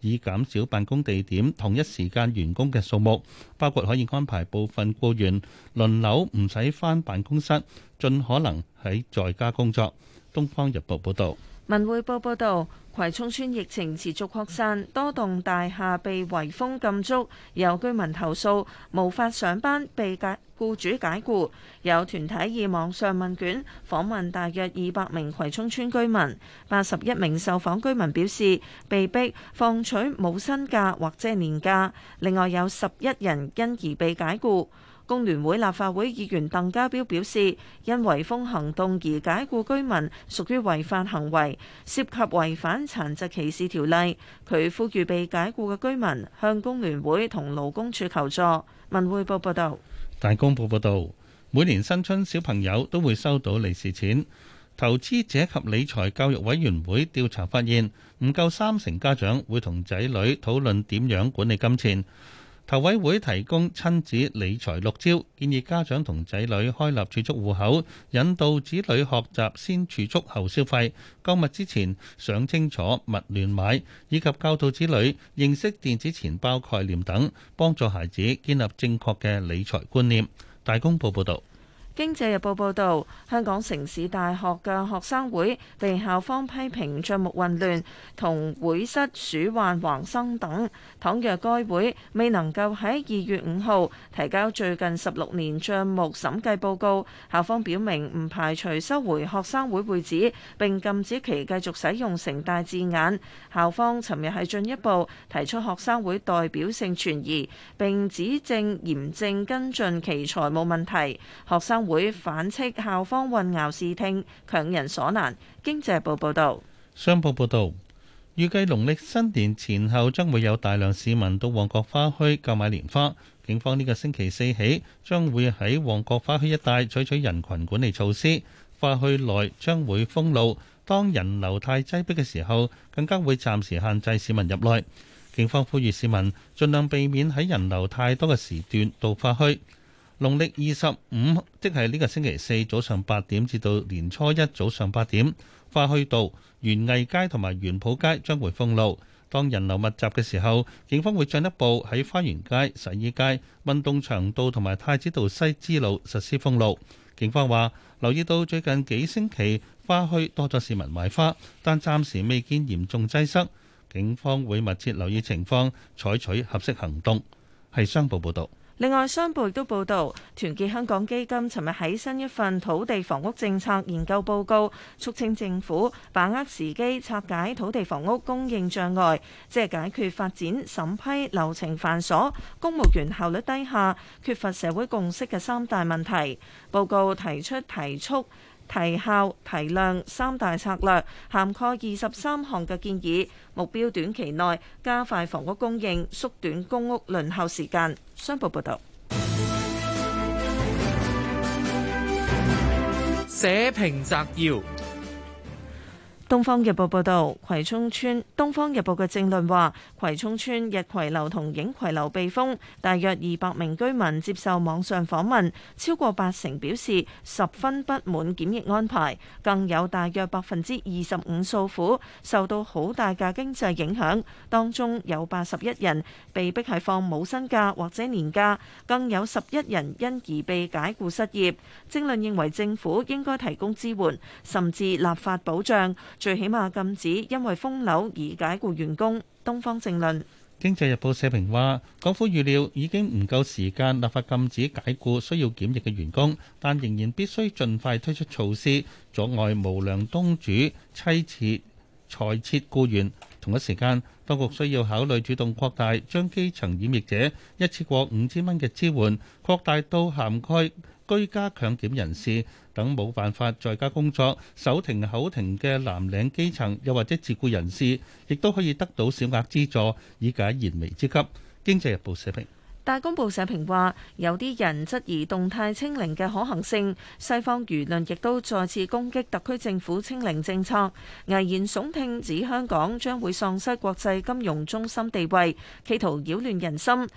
以減少辦公地點同一時間員工嘅數目，包括可以安排部分雇員輪流唔使翻辦公室，盡可能喺在家工作。《東方日報》報導。.文匯報報道，葵涌村疫情持續擴散，多棟大廈被圍封禁足，有居民投訴無法上班，被雇主解雇。有團體以網上問卷訪問大約二百名葵涌村居民，八十一名受訪居民表示被逼放取冇薪假或者年假，另外有十一人因而被解雇。工聯會立法會議員鄧家彪表示，因圍封行動而解雇居民屬於違法行為，涉及違反殘疾歧視條例。佢呼籲被解雇嘅居民向工聯會同勞工處求助。文匯報報道。大公報報道，每年新春小朋友都會收到利是錢。投資者及理財教育委員會調查發現，唔夠三成家長會同仔女討論點樣管理金錢。投委會提供親子理財六招，建議家長同仔女開立儲蓄戶口，引導子女學習先儲蓄後消費，購物之前想清楚，勿亂買，以及教導子女認識電子錢包概念等，幫助孩子建立正確嘅理財觀念。大公報報導。《經濟日報》報導，香港城市大學嘅學生會被校方批評帳目混亂、同會室鼠患橫生等。倘若該會未能夠喺二月五號提交最近十六年帳目審計報告，校方表明唔排除收回學生會會址並禁止其繼續使用城大字眼。校方尋日係進一步提出學生會代表性存疑，並指正嚴正跟進其財務問題。學生會反斥校方混淆視聽、強人所難。經濟部報道，商報報道，預計農曆新年前後將會有大量市民到旺角花墟購買蓮花。警方呢個星期四起，將會喺旺角花墟一帶採取人群管理措施，花墟內將會封路。當人流太擠迫嘅時候，更加會暫時限制市民入內。警方呼籲市民盡量避免喺人流太多嘅時段到花墟。農曆二十五，25，即係呢個星期四早上八點至到年初一早上八點，花墟道、園藝街同埋園圃街將會封路。當人流密集嘅時候，警方會進一步喺花園街、十二街、運動場道同埋太子道西之路實施封路。警方話留意到最近幾星期花墟多咗市民買花，但暫時未見嚴重擠塞。警方會密切留意情況，採取合適行動，係商報報道。另外，商報亦都報道，團結香港基金尋日喺新一份土地房屋政策研究報告，促請政府把握時機拆解土地房屋供應障礙，即係解決發展審批流程繁瑣、公務員效率低下、缺乏社會共識嘅三大問題。報告提出提速。提效、提量三大策略，涵蓋二十三項嘅建議，目標短期內加快房屋供應，縮短公屋輪候時間。商報報道。社評摘要。東報報《東方日報》報道，葵涌邨《東方日報》嘅政論話，葵涌邨日葵樓同映葵樓被封，大約二百名居民接受網上訪問，超過八成表示十分不滿檢疫安排，更有大約百分之二十五訴苦受到好大嘅經濟影響，當中有八十一人被迫係放冇薪假或者年假，更有十一人因而被解雇失業。政論認為政府應該提供支援，甚至立法保障。最起碼禁止因為封樓而解僱員工。東方正論，經濟日報社評話，港府預料已經唔夠時間立法禁止解僱需要檢疫嘅員工，但仍然必須盡快推出措施，阻礙無良東主妻妾裁切僱員。同一時間，當局需要考慮主動擴大將基層染疫者一次過五千蚊嘅支援，擴大到涵蓋。居家強檢人士等冇辦法在家工作、手停口停嘅藍領基層，又或者自僱人士，亦都可以得到小額資助，以解燃眉之急。經濟日報社評，大公報社評話，有啲人質疑動態清零嘅可行性，西方輿論亦都再次攻擊特區政府清零政策，危言聳聽，指香港將會喪失國際金融中心地位，企圖擾亂人心。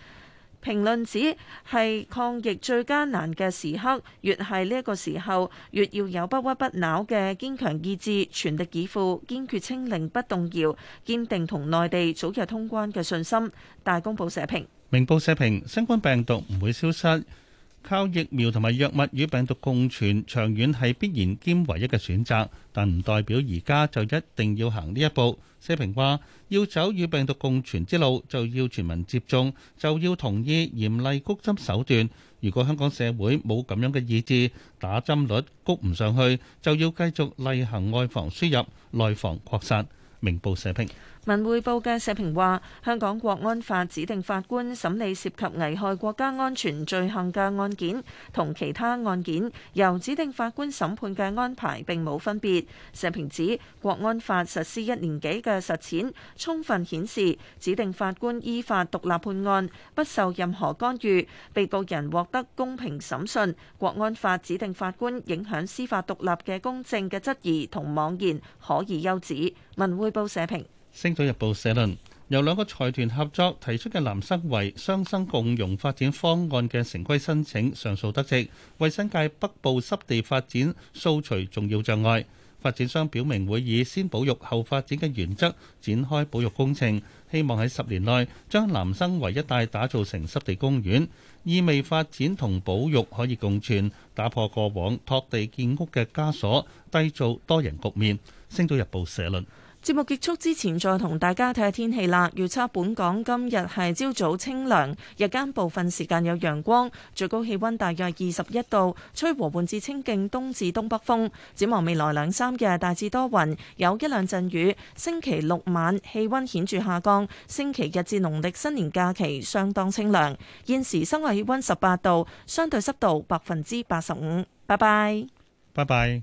評論指係抗疫最艱難嘅時刻，越係呢一個時候，越要有不屈不撓嘅堅強意志，全力以赴，堅決清零，不動搖，堅定同內地早日通關嘅信心。大公報社評。明報社評，新冠病毒唔會消失。靠疫苗同埋藥物與病毒共存，長遠係必然兼唯一嘅選擇，但唔代表而家就一定要行呢一步。社評話：要走與病毒共存之路，就要全民接種，就要同意嚴厲谷針手段。如果香港社會冇咁樣嘅意志，打針率谷唔上去，就要繼續例行外防輸入、內防擴散。明報社評。文匯報嘅社評話，香港國安法指定法官審理涉及危害國家安全罪行嘅案件，同其他案件由指定法官審判嘅安排並冇分別。社評指，國安法實施一年幾嘅實踐，充分顯示指定法官依法獨立判案，不受任何干預，被告人獲得公平審訊。國安法指定法官影響司法獨立嘅公正嘅質疑同妄言，可以休止。文匯報社評。星島日報》社論：由兩個財團合作提出嘅南生圍雙生共融發展方案嘅城規申請上訴得直，為新界北部濕地發展掃除重要障礙。發展商表明會以先保育後發展嘅原則展開保育工程，希望喺十年內將南生圍一帶打造成濕地公園，意味發展同保育可以共存，打破過往托地建屋嘅枷鎖，締造多贏局面。《星島日報》社論。節目結束之前，再同大家睇下天氣啦。預測本港今日係朝早清涼，日間部分時間有陽光，最高氣溫大約二十一度，吹和緩至清勁東至東北風。展望未來兩三日大致多雲，有一兩陣雨。星期六晚氣溫顯著下降，星期日至農曆新年假期相當清涼。現時室外氣溫十八度，相對濕度百分之八十五。拜拜。拜拜。